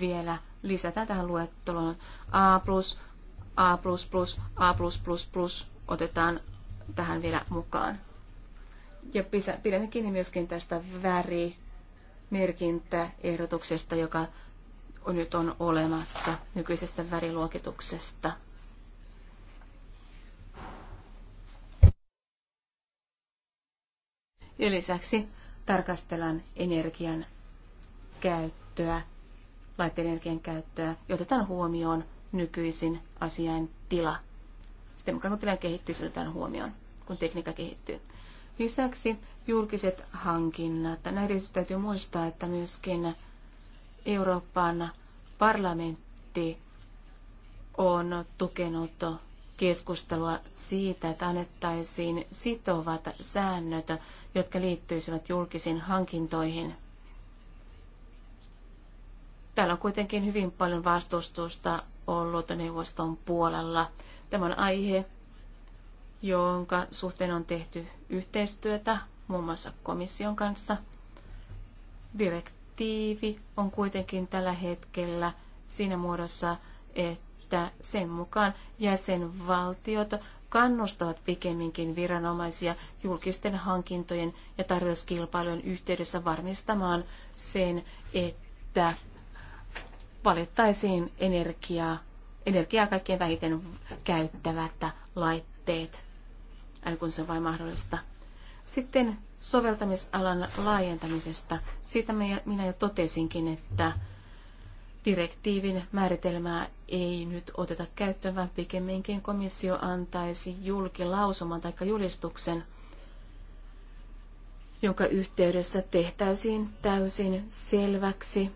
vielä lisätään tähän luetteloon. A+, plus A++, plus plus A++++ plus plus plus otetaan tähän vielä mukaan. Ja pidän kiinni myöskin tästä värimerkintäehdotuksesta, joka on nyt on olemassa nykyisestä väriluokituksesta. Ja lisäksi tarkastellaan energian käyttöä, laitteen energian käyttöä ja otetaan huomioon nykyisin asiain tila. Sitten mukaan kun tilan kehittyy, otetaan huomioon, kun tekniikka kehittyy. Lisäksi julkiset hankinnat. Näin täytyy muistaa, että myöskin Euroopan parlamentti on tukenut keskustelua siitä, että annettaisiin sitovat säännöt, jotka liittyisivät julkisiin hankintoihin. Täällä on kuitenkin hyvin paljon vastustusta ollut neuvoston puolella. Tämä on aihe, jonka suhteen on tehty yhteistyötä muun muassa komission kanssa. Direktiivi on kuitenkin tällä hetkellä siinä muodossa, että että sen mukaan jäsenvaltiot kannustavat pikemminkin viranomaisia julkisten hankintojen ja tarjouskilpailujen yhteydessä varmistamaan sen, että valittaisiin energiaa, energiaa kaikkein vähiten käyttävät laitteet, aina kun se on vain mahdollista. Sitten soveltamisalan laajentamisesta. Siitä minä jo totesinkin, että direktiivin määritelmää ei nyt oteta käyttöön, vaan pikemminkin komissio antaisi julkilausuman tai julistuksen, jonka yhteydessä tehtäisiin täysin selväksi,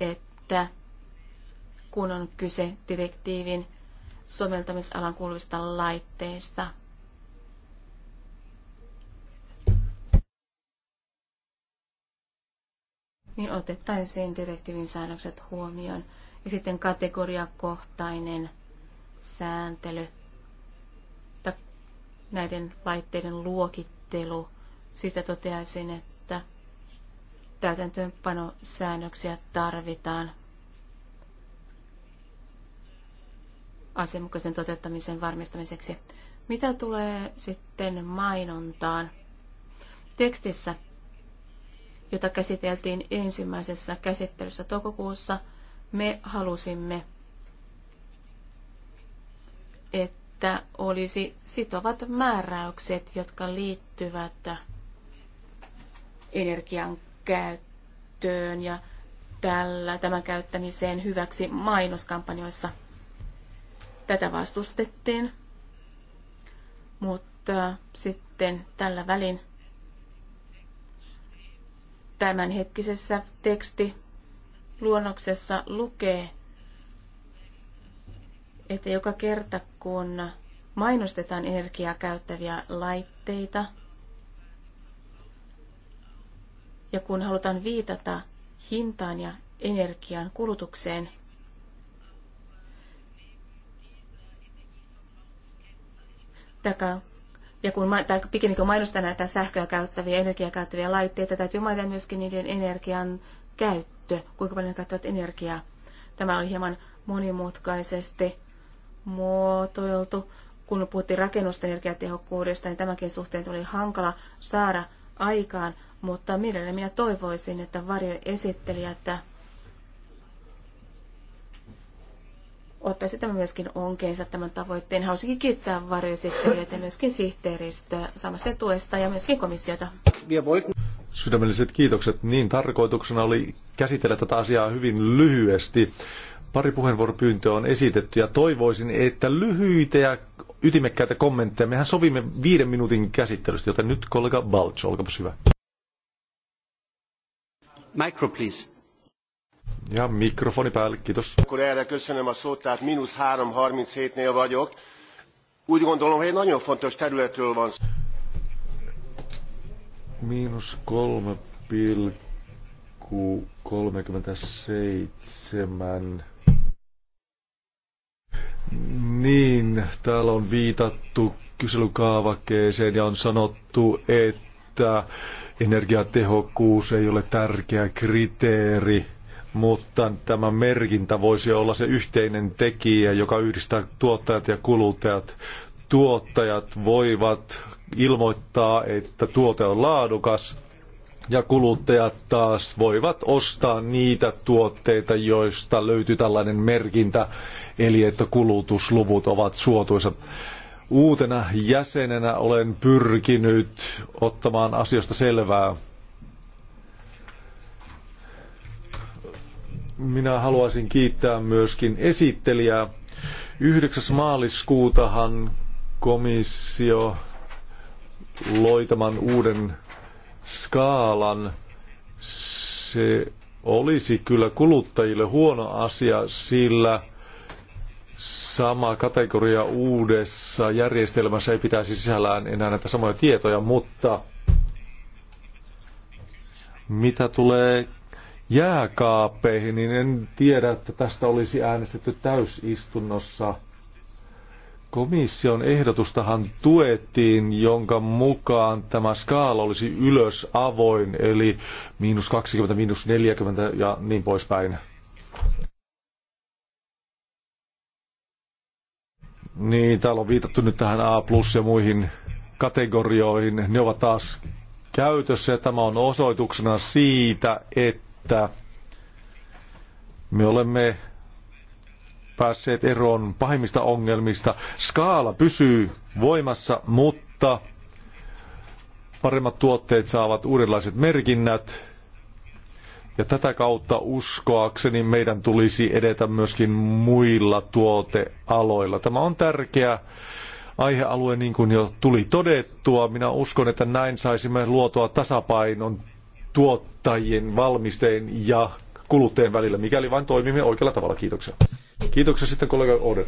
että kun on kyse direktiivin soveltamisalan kuuluvista laitteista – niin otettaisiin direktiivin säännökset huomioon. Ja sitten kategoriakohtainen sääntely tai näiden laitteiden luokittelu. Siitä toteaisin, että täytäntöönpanosäännöksiä tarvitaan asianmukaisen toteuttamisen varmistamiseksi. Mitä tulee sitten mainontaan? Tekstissä jota käsiteltiin ensimmäisessä käsittelyssä toukokuussa, me halusimme, että olisi sitovat määräykset, jotka liittyvät energian käyttöön ja tällä, tämän käyttämiseen hyväksi mainoskampanjoissa. Tätä vastustettiin, mutta sitten tällä välin tämänhetkisessä teksti lukee, että joka kerta kun mainostetaan energiaa käyttäviä laitteita ja kun halutaan viitata hintaan ja energian kulutukseen, tämä. Ja kun, tai pikemminkin mainostaa näitä sähköä käyttäviä, energiaa käyttäviä laitteita, täytyy mainita myöskin niiden energian käyttö, kuinka paljon ne käyttävät energiaa. Tämä oli hieman monimutkaisesti muotoiltu. Kun puhuttiin rakennusten energiatehokkuudesta, niin tämäkin suhteen tuli hankala saada aikaan, mutta mielelläni minä toivoisin, että varjoesittelijät että ottaisi tämän myöskin onkeensa tämän tavoitteen. Haluaisinkin kiittää varjoesittelijöitä ja myöskin sihteeristä samasta tuesta ja myöskin komissiota. Sydämelliset kiitokset. Niin tarkoituksena oli käsitellä tätä asiaa hyvin lyhyesti. Pari puheenvuoropyyntöä on esitetty ja toivoisin, että lyhyitä ja ytimekkäitä kommentteja. Mehän sovimme viiden minuutin käsittelystä, joten nyt kollega Balch, olkapas hyvä. Micro, please. Ja mikrofoni päälle, kiitos. Akkor erre köszönöm a szót, tehát mínusz 3.37-nél vagyok. Úgy gondolom, hogy egy nagyon fontos területről van szó. Miinus 3,37. Niin, täällä on viitattu kyselykaavakkeeseen ja on sanottu, että energiatehokkuus ei ole tärkeä kriteeri mutta tämä merkintä voisi olla se yhteinen tekijä, joka yhdistää tuottajat ja kuluttajat. Tuottajat voivat ilmoittaa, että tuote on laadukas, ja kuluttajat taas voivat ostaa niitä tuotteita, joista löytyy tällainen merkintä, eli että kulutusluvut ovat suotuisat. Uutena jäsenenä olen pyrkinyt ottamaan asiasta selvää Minä haluaisin kiittää myöskin esittelijää. 9. maaliskuutahan komissio loitaman uuden skaalan. Se olisi kyllä kuluttajille huono asia, sillä sama kategoria uudessa järjestelmässä ei pitäisi sisällään enää näitä samoja tietoja, mutta mitä tulee jääkaappeihin, niin en tiedä, että tästä olisi äänestetty täysistunnossa. Komission ehdotustahan tuettiin, jonka mukaan tämä skaala olisi ylös avoin, eli miinus 20, miinus 40 ja niin poispäin. Niin, täällä on viitattu nyt tähän A plus ja muihin kategorioihin. Ne ovat taas käytössä ja tämä on osoituksena siitä, että että me olemme päässeet eroon pahimmista ongelmista. Skaala pysyy voimassa, mutta paremmat tuotteet saavat uudenlaiset merkinnät. Ja tätä kautta uskoakseni meidän tulisi edetä myöskin muilla tuotealoilla. Tämä on tärkeä aihealue, niin kuin jo tuli todettua. Minä uskon, että näin saisimme luotua tasapainon tuottajien, valmisteen ja kuluttajien välillä, mikäli vain toimimme oikealla tavalla. Kiitoksia. Kiitoksia sitten kollega Oder.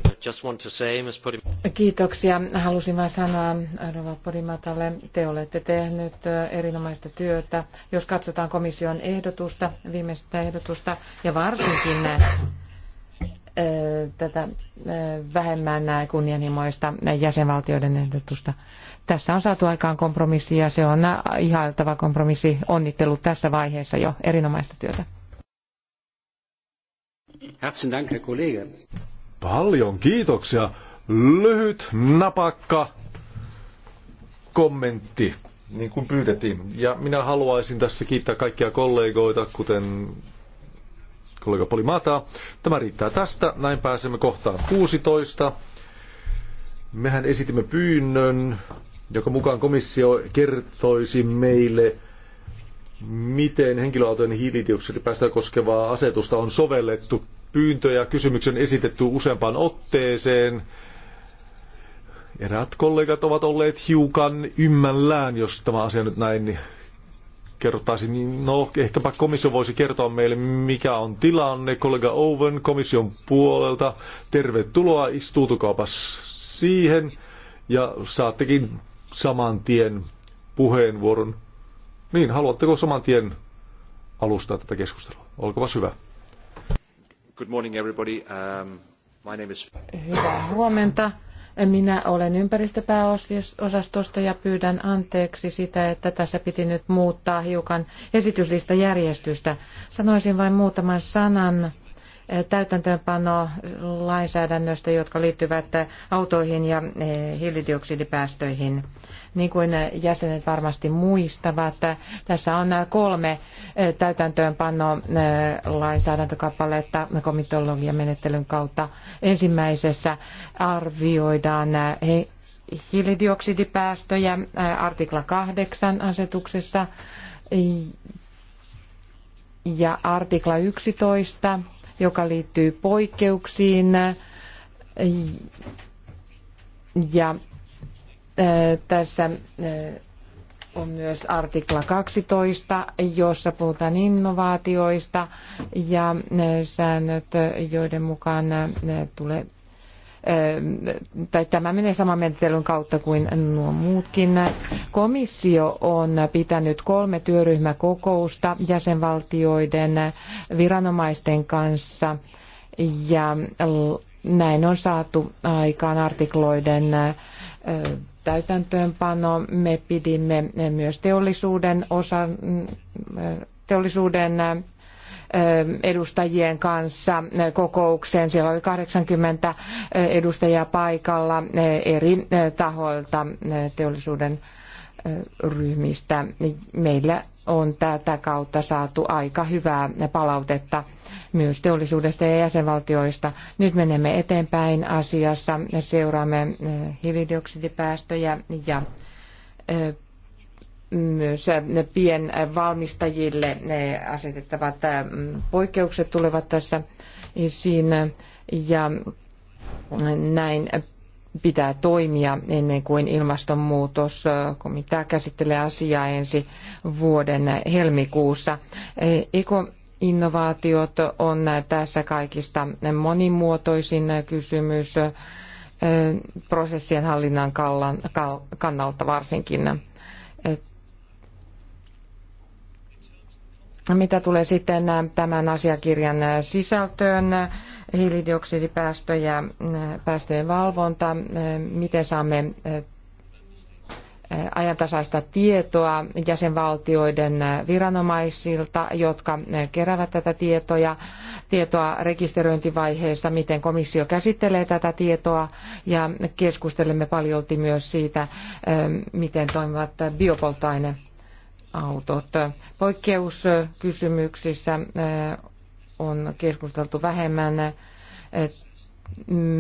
Kiitoksia. Halusin vain sanoa Rova Podimatalle, te olette tehnyt erinomaista työtä. Jos katsotaan komission ehdotusta, viimeistä ehdotusta ja varsinkin tätä vähemmän kunnianhimoista jäsenvaltioiden ehdotusta. Tässä on saatu aikaan kompromissi ja se on ihailtava kompromissi. Onnittelut tässä vaiheessa jo. Erinomaista työtä. Herzlichen Dank, Herr Kollege. Paljon kiitoksia. Lyhyt, napakka kommentti, niin kuin pyydettiin. Ja minä haluaisin tässä kiittää kaikkia kollegoita, kuten kollega Mataa. Tämä riittää tästä. Näin pääsemme kohtaan 16. Mehän esitimme pyynnön, joka mukaan komissio kertoisi meille, miten henkilöautojen hiilidioksidipäästöä koskevaa asetusta on sovellettu. Pyyntö ja kysymyksen esitetty useampaan otteeseen. Eräät kollegat ovat olleet hiukan ymmällään, jos tämä asia nyt näin kerrottaisiin, niin no ehkäpä komissio voisi kertoa meille, mikä on tilanne. Kollega Owen komission puolelta, tervetuloa, istuutukaapas siihen ja saattekin saman tien puheenvuoron. Niin, haluatteko saman tien alustaa tätä keskustelua? Olkoon hyvä. Good morning everybody. Um, my name is... Hyvää huomenta. Minä olen ympäristöpääosastosta ja pyydän anteeksi sitä, että tässä piti nyt muuttaa hiukan esityslista järjestystä. Sanoisin vain muutaman sanan Eh, täytäntöönpano lainsäädännöstä, jotka liittyvät eh, autoihin ja eh, hiilidioksidipäästöihin. Niin kuin jäsenet varmasti muistavat, tässä on kolme täytäntöönpano lainsäädäntökappaletta komitologiamenettelyn kautta. Ensimmäisessä arvioidaan hiilidioksidipäästöjä artikla 8 asetuksessa ja artikla 11 joka liittyy poikkeuksiin ja tässä on myös artikla 12, jossa puhutaan innovaatioista ja säännöt, joiden mukaan tulee tai tämä menee saman menettelyn kautta kuin nuo muutkin. Komissio on pitänyt kolme työryhmäkokousta jäsenvaltioiden viranomaisten kanssa ja näin on saatu aikaan artikloiden täytäntöönpano. Me pidimme myös teollisuuden, osa, teollisuuden Eh, edustajien kanssa eh, kokoukseen. Siellä oli 80 eh, edustajaa paikalla eri tahoilta teollisuuden ryhmistä. Meillä on tätä kautta saatu aika hyvää palautetta myös teollisuudesta ja jäsenvaltioista. Nyt menemme eteenpäin asiassa ja seuraamme hiilidioksidipäästöjä ja myös äh, pienvalmistajille ne äh, asetettavat äh, poikkeukset tulevat tässä siinä ja näin pitää toimia ennen kuin ilmastonmuutos, komitea käsittelee asiaa ensi vuoden helmikuussa. Ekoinnovaatiot on tässä kaikista monimuotoisin kysymys prosessien hallinnan kannalta varsinkin Mitä tulee sitten äh, tämän asiakirjan äh, sisältöön, äh, hiilidioksidipäästöjä, päästöjen valvonta, miten saamme ajantasaista tietoa jäsenvaltioiden viranomaisilta, jotka keräävät tätä tietoja, tietoa rekisteröintivaiheessa, miten komissio käsittelee tätä tietoa ja keskustelemme paljolti myös siitä, miten toimivat biopolttoaineet autot. Poikkeuskysymyksissä eh, on keskusteltu vähemmän. Eh,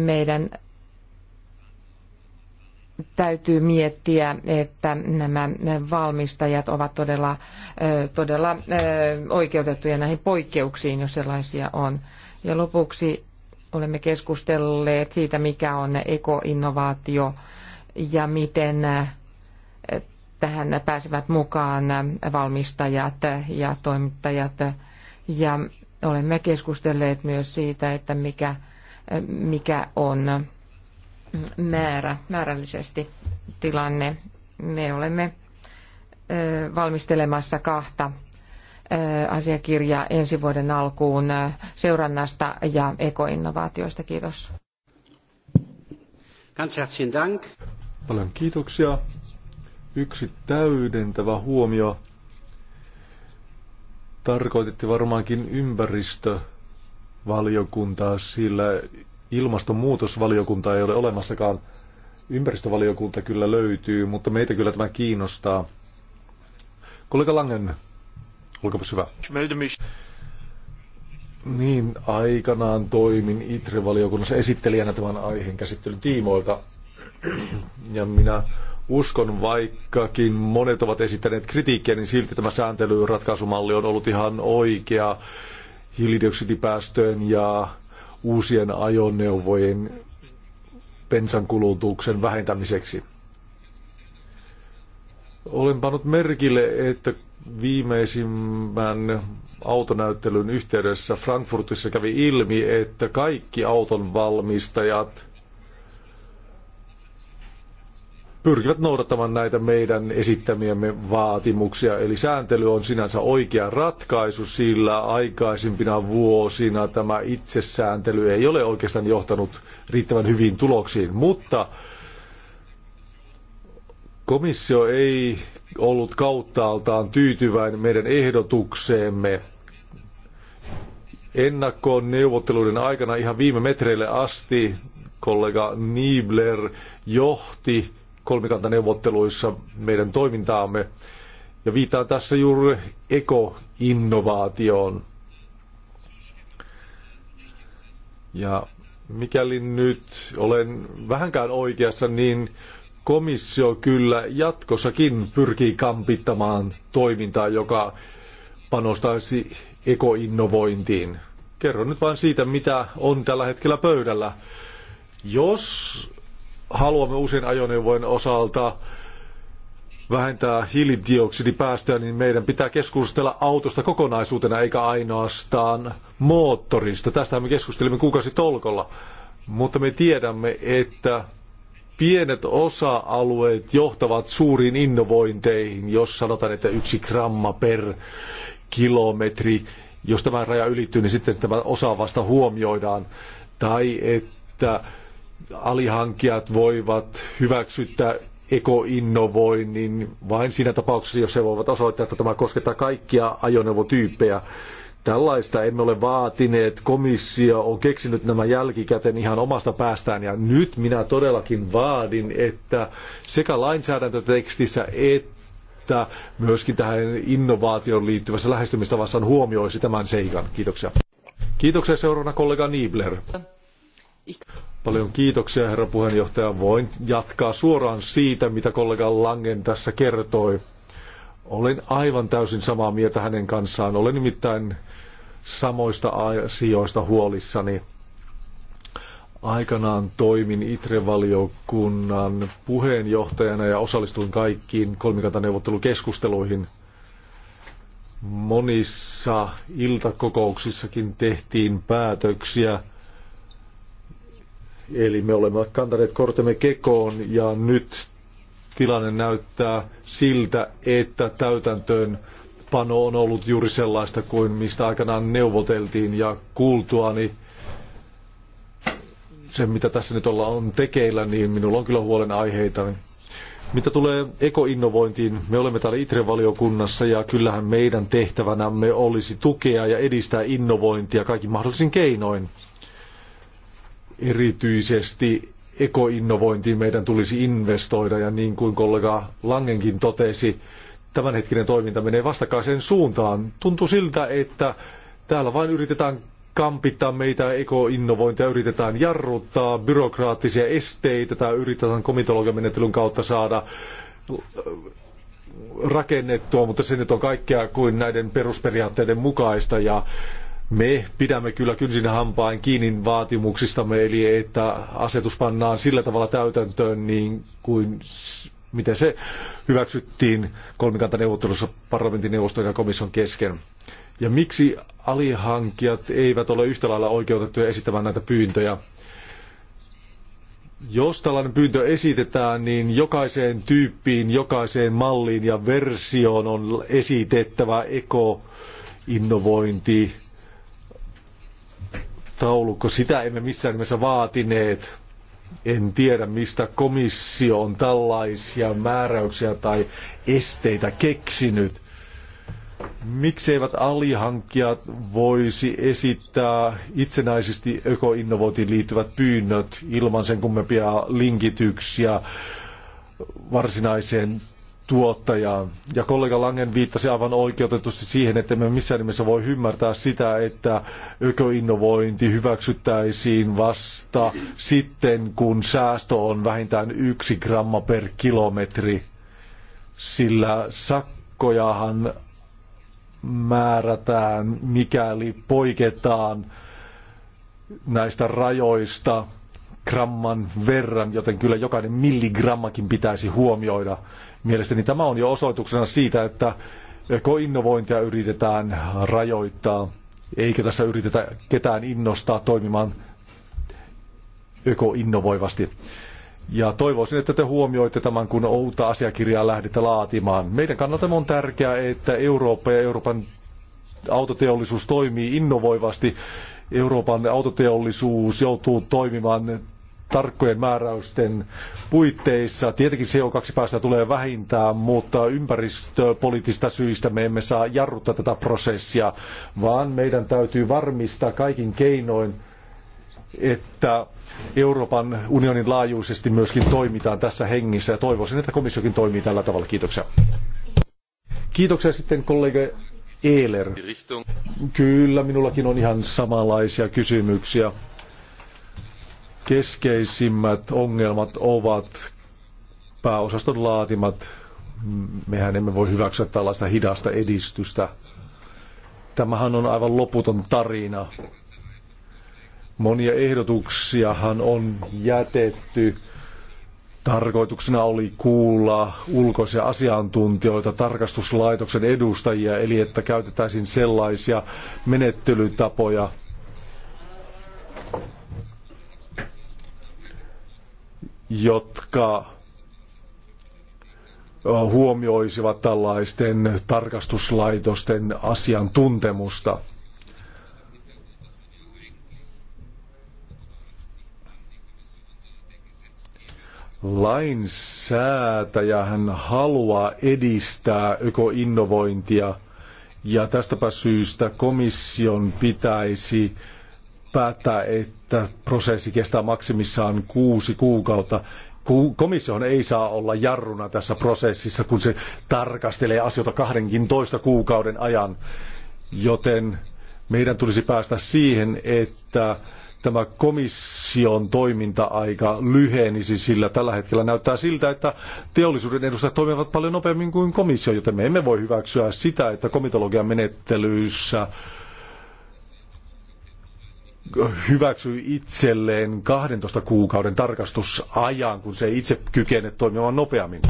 meidän täytyy miettiä, että nämä valmistajat ovat todella, eh, todella oikeutettuja näihin poikkeuksiin, jos sellaisia on. Ja lopuksi olemme keskustelleet siitä, mikä on ekoinnovaatio ja miten Tähän pääsevät mukaan valmistajat ja toimittajat. Ja olemme keskustelleet myös siitä, että mikä, mikä on määrä, määrällisesti tilanne. Me olemme valmistelemassa kahta asiakirjaa ensi vuoden alkuun seurannasta ja ekoinnovaatioista. Kiitos. Ganz herzlichen Dank. Paljon kiitoksia. Yksi täydentävä huomio. Tarkoititte varmaankin ympäristövaliokuntaa, sillä ilmastonmuutosvaliokunta ei ole olemassakaan. Ympäristövaliokunta kyllä löytyy, mutta meitä kyllä tämä kiinnostaa. Kollega Langen, olkapas hyvä. Niin, aikanaan toimin ITRE-valiokunnassa esittelijänä tämän aiheen käsittelyn tiimoilta. Ja minä Uskon, vaikkakin monet ovat esittäneet kritiikkiä, niin silti tämä sääntelyratkaisumalli on ollut ihan oikea hiilidioksidipäästöön ja uusien ajoneuvojen bensan kulutuksen vähentämiseksi. Olen pannut merkille, että viimeisimmän autonäyttelyn yhteydessä Frankfurtissa kävi ilmi, että kaikki auton valmistajat pyrkivät noudattamaan näitä meidän esittämiämme vaatimuksia. Eli sääntely on sinänsä oikea ratkaisu, sillä aikaisimpina vuosina tämä itsesääntely ei ole oikeastaan johtanut riittävän hyviin tuloksiin, mutta komissio ei ollut kauttaaltaan tyytyväinen meidän ehdotukseemme ennakkoon neuvotteluiden aikana ihan viime metreille asti kollega Niebler johti kolmikantaneuvotteluissa meidän toimintaamme. Ja viitaan tässä juuri ekoinnovaatioon. Ja mikäli nyt olen vähänkään oikeassa, niin komissio kyllä jatkossakin pyrkii kampittamaan toimintaa, joka panostaisi ekoinnovointiin. Kerron nyt vain siitä, mitä on tällä hetkellä pöydällä. Jos haluamme uusien ajoneuvojen osalta vähentää hiilidioksidipäästöjä, niin meidän pitää keskustella autosta kokonaisuutena eikä ainoastaan moottorista. Tästä me keskustelimme kuukausi tolkolla, mutta me tiedämme, että pienet osa-alueet johtavat suuriin innovointeihin, jos sanotaan, että yksi gramma per kilometri, jos tämä raja ylittyy, niin sitten tämä osa vasta huomioidaan. Tai että alihankijat voivat hyväksyttää ekoinnovoinnin vain siinä tapauksessa, jos he voivat osoittaa, että tämä koskettaa kaikkia ajoneuvotyyppejä. Tällaista emme ole vaatineet. Komissio on keksinyt nämä jälkikäteen ihan omasta päästään. Ja nyt minä todellakin vaadin, että sekä lainsäädäntötekstissä että myöskin tähän innovaatioon liittyvässä lähestymistavassa huomioisi tämän seikan. Kiitoksia. Kiitoksia seuraavana kollega Niebler. Paljon kiitoksia, herra puheenjohtaja. Voin jatkaa suoraan siitä, mitä kollega Langen tässä kertoi. Olen aivan täysin samaa mieltä hänen kanssaan. Olen nimittäin samoista asioista huolissani. Aikanaan toimin ITRE-valiokunnan puheenjohtajana ja osallistuin kaikkiin kolmikantaneuvottelukeskusteluihin. Monissa iltakokouksissakin tehtiin päätöksiä – Eli me olemme kantaneet kortemme kekoon ja nyt tilanne näyttää siltä, että täytäntöön pano on ollut juuri sellaista kuin mistä aikanaan neuvoteltiin ja kuultuani niin se, mitä tässä nyt ollaan on tekeillä, niin minulla on kyllä huolen aiheita. Mitä tulee ekoinnovointiin, me olemme täällä ITRE-valiokunnassa ja kyllähän meidän tehtävänämme olisi tukea ja edistää innovointia kaikin mahdollisin keinoin erityisesti ekoinnovointiin meidän tulisi investoida ja niin kuin kollega Langenkin totesi, tämänhetkinen toiminta menee vastakkaiseen suuntaan. Tuntuu siltä, että täällä vain yritetään kampittaa meitä ekoinnovointia, yritetään jarruttaa byrokraattisia esteitä tai yritetään komitologiamenettelyn kautta saada rakennettua, mutta se nyt on kaikkea kuin näiden perusperiaatteiden mukaista ja me pidämme kyllä kynsin hampaan kiinni vaatimuksistamme, eli että asetus pannaan sillä tavalla täytäntöön, niin kuin miten se hyväksyttiin kolmikantaneuvottelussa parlamentin neuvoston ja komission kesken. Ja miksi alihankkijat eivät ole yhtä lailla oikeutettuja esittämään näitä pyyntöjä? Jos tällainen pyyntö esitetään, niin jokaiseen tyyppiin, jokaiseen malliin ja versioon on esitettävä eko innovointi taulukko. Sitä emme missään nimessä vaatineet. En tiedä, mistä komissio on tällaisia määräyksiä tai esteitä keksinyt. Mikseivät alihankkijat voisi esittää itsenäisesti ökoinnovointiin liittyvät pyynnöt ilman sen kummempia linkityksiä varsinaiseen tuottajaa Ja kollega Langen viittasi aivan oikeutetusti siihen, että me missään nimessä voi ymmärtää sitä, että ökoinnovointi hyväksyttäisiin vasta sitten, kun säästö on vähintään yksi gramma per kilometri. Sillä sakkojahan määrätään, mikäli poiketaan näistä rajoista gramman verran, joten kyllä jokainen milligrammakin pitäisi huomioida. Mielestäni tämä on jo osoituksena siitä, että koinnovointia yritetään rajoittaa, eikä tässä yritetä ketään innostaa toimimaan ekoinnovoivasti. Ja toivoisin, että te huomioitte tämän, kun uutta asiakirjaa lähdette laatimaan. Meidän kannaltamme on tärkeää, että Eurooppa ja Euroopan autoteollisuus toimii innovoivasti. Euroopan autoteollisuus joutuu toimimaan tarkkojen määräysten puitteissa. Tietenkin CO2-päästöjä tulee vähintään, mutta ympäristöpoliittisista syistä me emme saa jarruttaa tätä prosessia, vaan meidän täytyy varmistaa kaikin keinoin, että Euroopan unionin laajuisesti myöskin toimitaan tässä hengissä ja toivoisin, että komissiokin toimii tällä tavalla. Kiitoksia. Kiitoksia sitten kollega Ehler. Kyllä, minullakin on ihan samanlaisia kysymyksiä keskeisimmät ongelmat ovat pääosaston laatimat. Mehän emme voi hyväksyä tällaista hidasta edistystä. Tämähän on aivan loputon tarina. Monia ehdotuksiahan on jätetty. Tarkoituksena oli kuulla ulkoisia asiantuntijoita, tarkastuslaitoksen edustajia, eli että käytettäisiin sellaisia menettelytapoja, jotka huomioisivat tällaisten tarkastuslaitosten asiantuntemusta. Lainsäätäjä hän haluaa edistää ökoinnovointia ja tästäpä syystä komission pitäisi päättää, että prosessi kestää maksimissaan kuusi kuukautta. Komissiohan ei saa olla jarruna tässä prosessissa, kun se tarkastelee asioita 12 kuukauden ajan, joten meidän tulisi päästä siihen, että tämä komission toiminta-aika lyhenisi, sillä tällä hetkellä näyttää siltä, että teollisuuden edustajat toimivat paljon nopeammin kuin komissio, joten me emme voi hyväksyä sitä, että komitologian menettelyissä hyväksyi itselleen 12 kuukauden tarkastusajan, kun se ei itse kykene toimimaan nopeammin.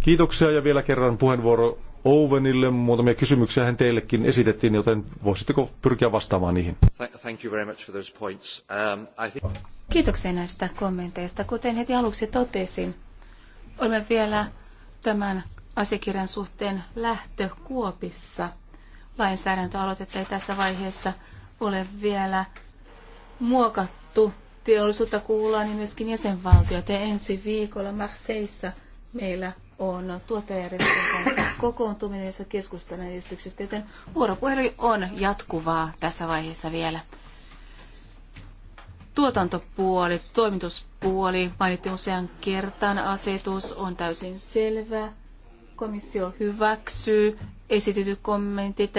Kiitoksia ja vielä kerran puheenvuoro Owenille. Muutamia kysymyksiä hän teillekin esitettiin, joten voisitteko pyrkiä vastaamaan niihin? Thank you very much for those points. Um, Kiitoksia näistä kommenteista. Kuten heti aluksi totesin, olemme vielä tämän asiakirjan suhteen lähtökuopissa. Lainsäädäntöaloitetta ei tässä vaiheessa ole vielä muokattu teollisuutta kuullaan, niin myöskin jäsenvaltiot. Ja ensi viikolla Marseissa meillä on tuottajajärjestön kanssa kokoontuminen, jossa keskustellaan edistyksestä, joten vuoropuhelu on jatkuvaa tässä vaiheessa vielä. Tuotantopuoli, toimituspuoli, mainittiin usean kertaan, asetus on täysin selvä. Komissio hyväksyy esitetyt kommentit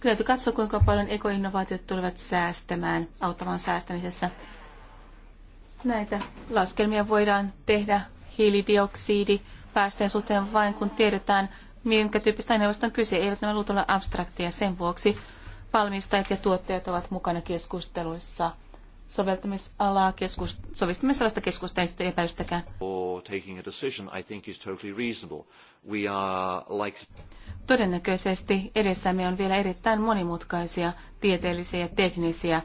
Kyllä katso, kuinka paljon ekoinnovaatiot tulevat säästämään, auttamaan säästämisessä. Näitä laskelmia voidaan tehdä hiilidioksidi päästöjen suhteen vain, kun tiedetään, minkä tyyppistä aineistosta on kyse. Eivät nämä luut ole abstraktia. Sen vuoksi valmistajat ja tuottajat ovat mukana keskusteluissa soveltamisalaa keskus, sovittamisalasta keskustelusta epäystäkään. Or taking a decision, I think is totally reasonable. We are like... Todennäköisesti edessämme on vielä erittäin monimutkaisia tieteellisiä ja teknisiä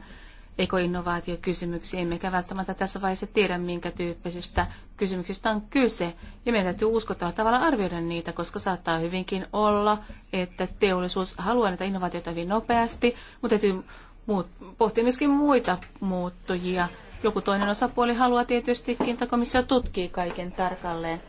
ekoinnovaatiokysymyksiä, emmekä välttämättä tässä vaiheessa tiedä, minkä tyyppisistä kysymyksistä on kyse. Ja meidän täytyy uskottavalla tavalla arvioida niitä, koska saattaa hyvinkin olla, että teollisuus haluaa näitä innovaatioita hyvin nopeasti, mutta täytyy muut, pohtia myöskin muita muuttujia. Joku toinen osapuoli haluaa tietystikin, että komissio tutkii kaiken tarkalleen.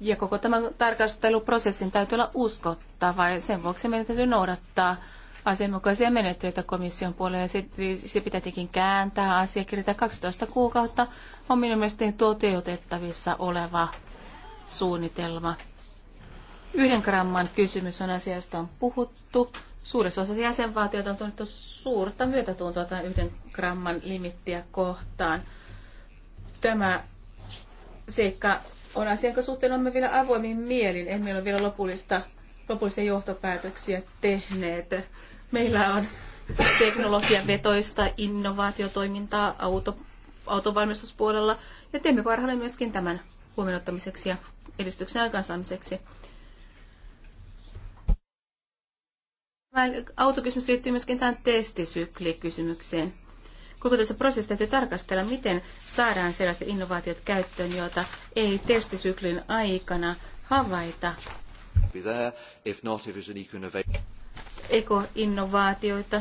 Ja koko tämän tarkasteluprosessin täytyy olla uskottava ja sen vuoksi meidän täytyy noudattaa asianmukaisia menettelyitä komission puolella. Se, se pitää tietenkin kääntää asiakirjata 12 kuukautta on minun mielestäni toteutettavissa oleva suunnitelma. Yhden gramman kysymys on asia, josta on puhuttu. Suuressa osassa jäsenvaltioita on tunnettu suurta myötätuntoa tämän yhden gramman limittiä kohtaan. Tämä seikka on asia, jonka suhteen olemme vielä avoimin mielin. Emme ole vielä lopullista, lopullisia johtopäätöksiä tehneet. Meillä on teknologian vetoista innovaatiotoimintaa auto, autovalmistuspuolella ja teemme parhaamme myöskin tämän huomioittamiseksi ja edistyksen aikaansaamiseksi. Autokysymys liittyy myöskin tähän testisyklikysymykseen. Koko tässä prosessissa täytyy tarkastella, miten saadaan sellaiset innovaatiot käyttöön, joita ei testisyklin aikana havaita. Eko-innovaatioita.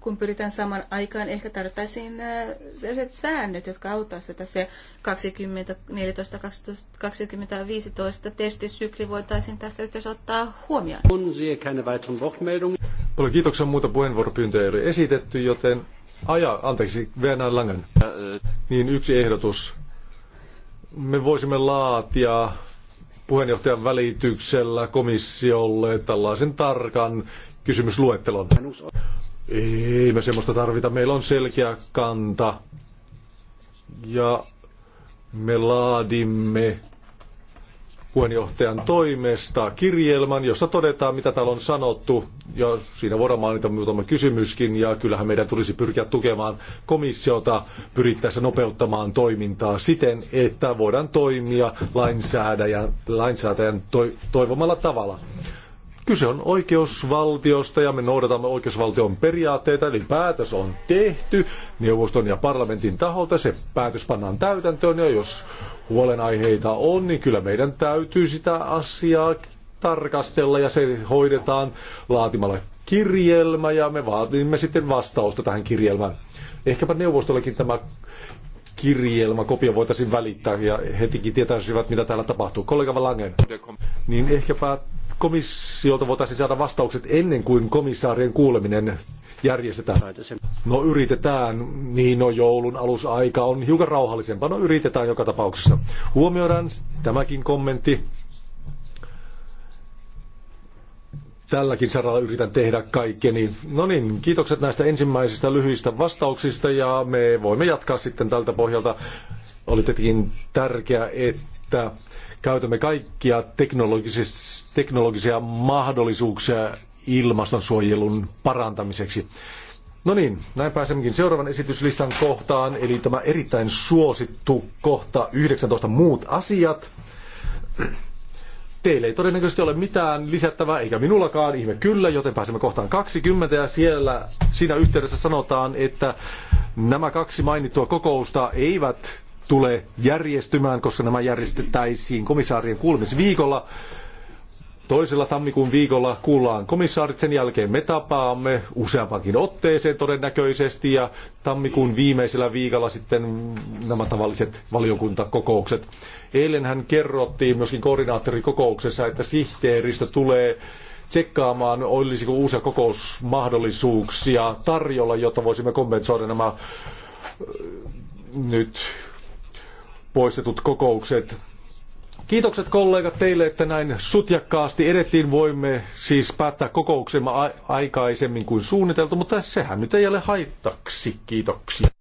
kun pyritään saman aikaan, ehkä tarvittaisiin äh, sellaiset säännöt, jotka auttaisivat se 2014-2015 testisykli voitaisiin tässä yhteydessä ottaa huomioon. kiitoksia, muuta puheenvuoropyyntöjä ei ole esitetty, joten Aja, anteeksi, Venäjän Langen. Niin yksi ehdotus. Me voisimme laatia puheenjohtajan välityksellä komissiolle tällaisen tarkan kysymysluettelon. Ei me semmoista tarvita. Meillä on selkeä kanta. Ja me laadimme puheenjohtajan toimesta kirjelmän, jossa todetaan, mitä täällä on sanottu, ja siinä voidaan mainita muutama kysymyskin, ja kyllähän meidän tulisi pyrkiä tukemaan komissiota pyrittäessä nopeuttamaan toimintaa siten, että voidaan toimia lainsäätäjän, lainsäätäjän toivomalla tavalla. Kyse on oikeusvaltiosta ja me noudatamme oikeusvaltion periaatteita, eli päätös on tehty neuvoston ja parlamentin taholta. Se päätös pannaan täytäntöön ja jos huolenaiheita on, niin kyllä meidän täytyy sitä asiaa tarkastella ja se hoidetaan laatimalla kirjelmä ja me vaatimme sitten vastausta tähän kirjelmään. Ehkäpä neuvostollekin tämä kirjelmä, kopio voitaisiin välittää ja hetikin tietäisivät, mitä täällä tapahtuu. Kollega Valangen, niin ehkäpä komissiolta voitaisiin saada vastaukset ennen kuin komissaarien kuuleminen järjestetään? No yritetään, niin no joulun alusaika on hiukan rauhallisempaa, no yritetään joka tapauksessa. Huomioidaan tämäkin kommentti. Tälläkin saralla yritän tehdä kaikkeni. No niin, kiitokset näistä ensimmäisistä lyhyistä vastauksista ja me voimme jatkaa sitten tältä pohjalta. Oli tietenkin tärkeää, että käytämme kaikkia teknologisia mahdollisuuksia ilmastonsuojelun parantamiseksi. No niin, näin pääsemmekin seuraavan esityslistan kohtaan, eli tämä erittäin suosittu kohta 19 muut asiat. Teille ei todennäköisesti ole mitään lisättävää, eikä minullakaan, ihme kyllä, joten pääsemme kohtaan 20 ja siellä siinä yhteydessä sanotaan, että nämä kaksi mainittua kokousta eivät tule järjestymään, koska nämä järjestettäisiin komissaarien kuulemisviikolla. Toisella tammikuun viikolla kuullaan komissaarit, sen jälkeen me tapaamme useampakin otteeseen todennäköisesti ja tammikuun viimeisellä viikolla sitten nämä tavalliset valiokuntakokoukset. Eilen hän kerrottiin myöskin koordinaattorikokouksessa, että sihteeristö tulee tsekkaamaan, olisiko uusia kokousmahdollisuuksia tarjolla, jotta voisimme kompensoida nämä nyt poistetut kokoukset. Kiitokset kollegat teille, että näin sutjakkaasti edettiin. Voimme siis päättää kokouksemme aikaisemmin kuin suunniteltu, mutta sehän nyt ei ole haittaksi. Kiitoksia.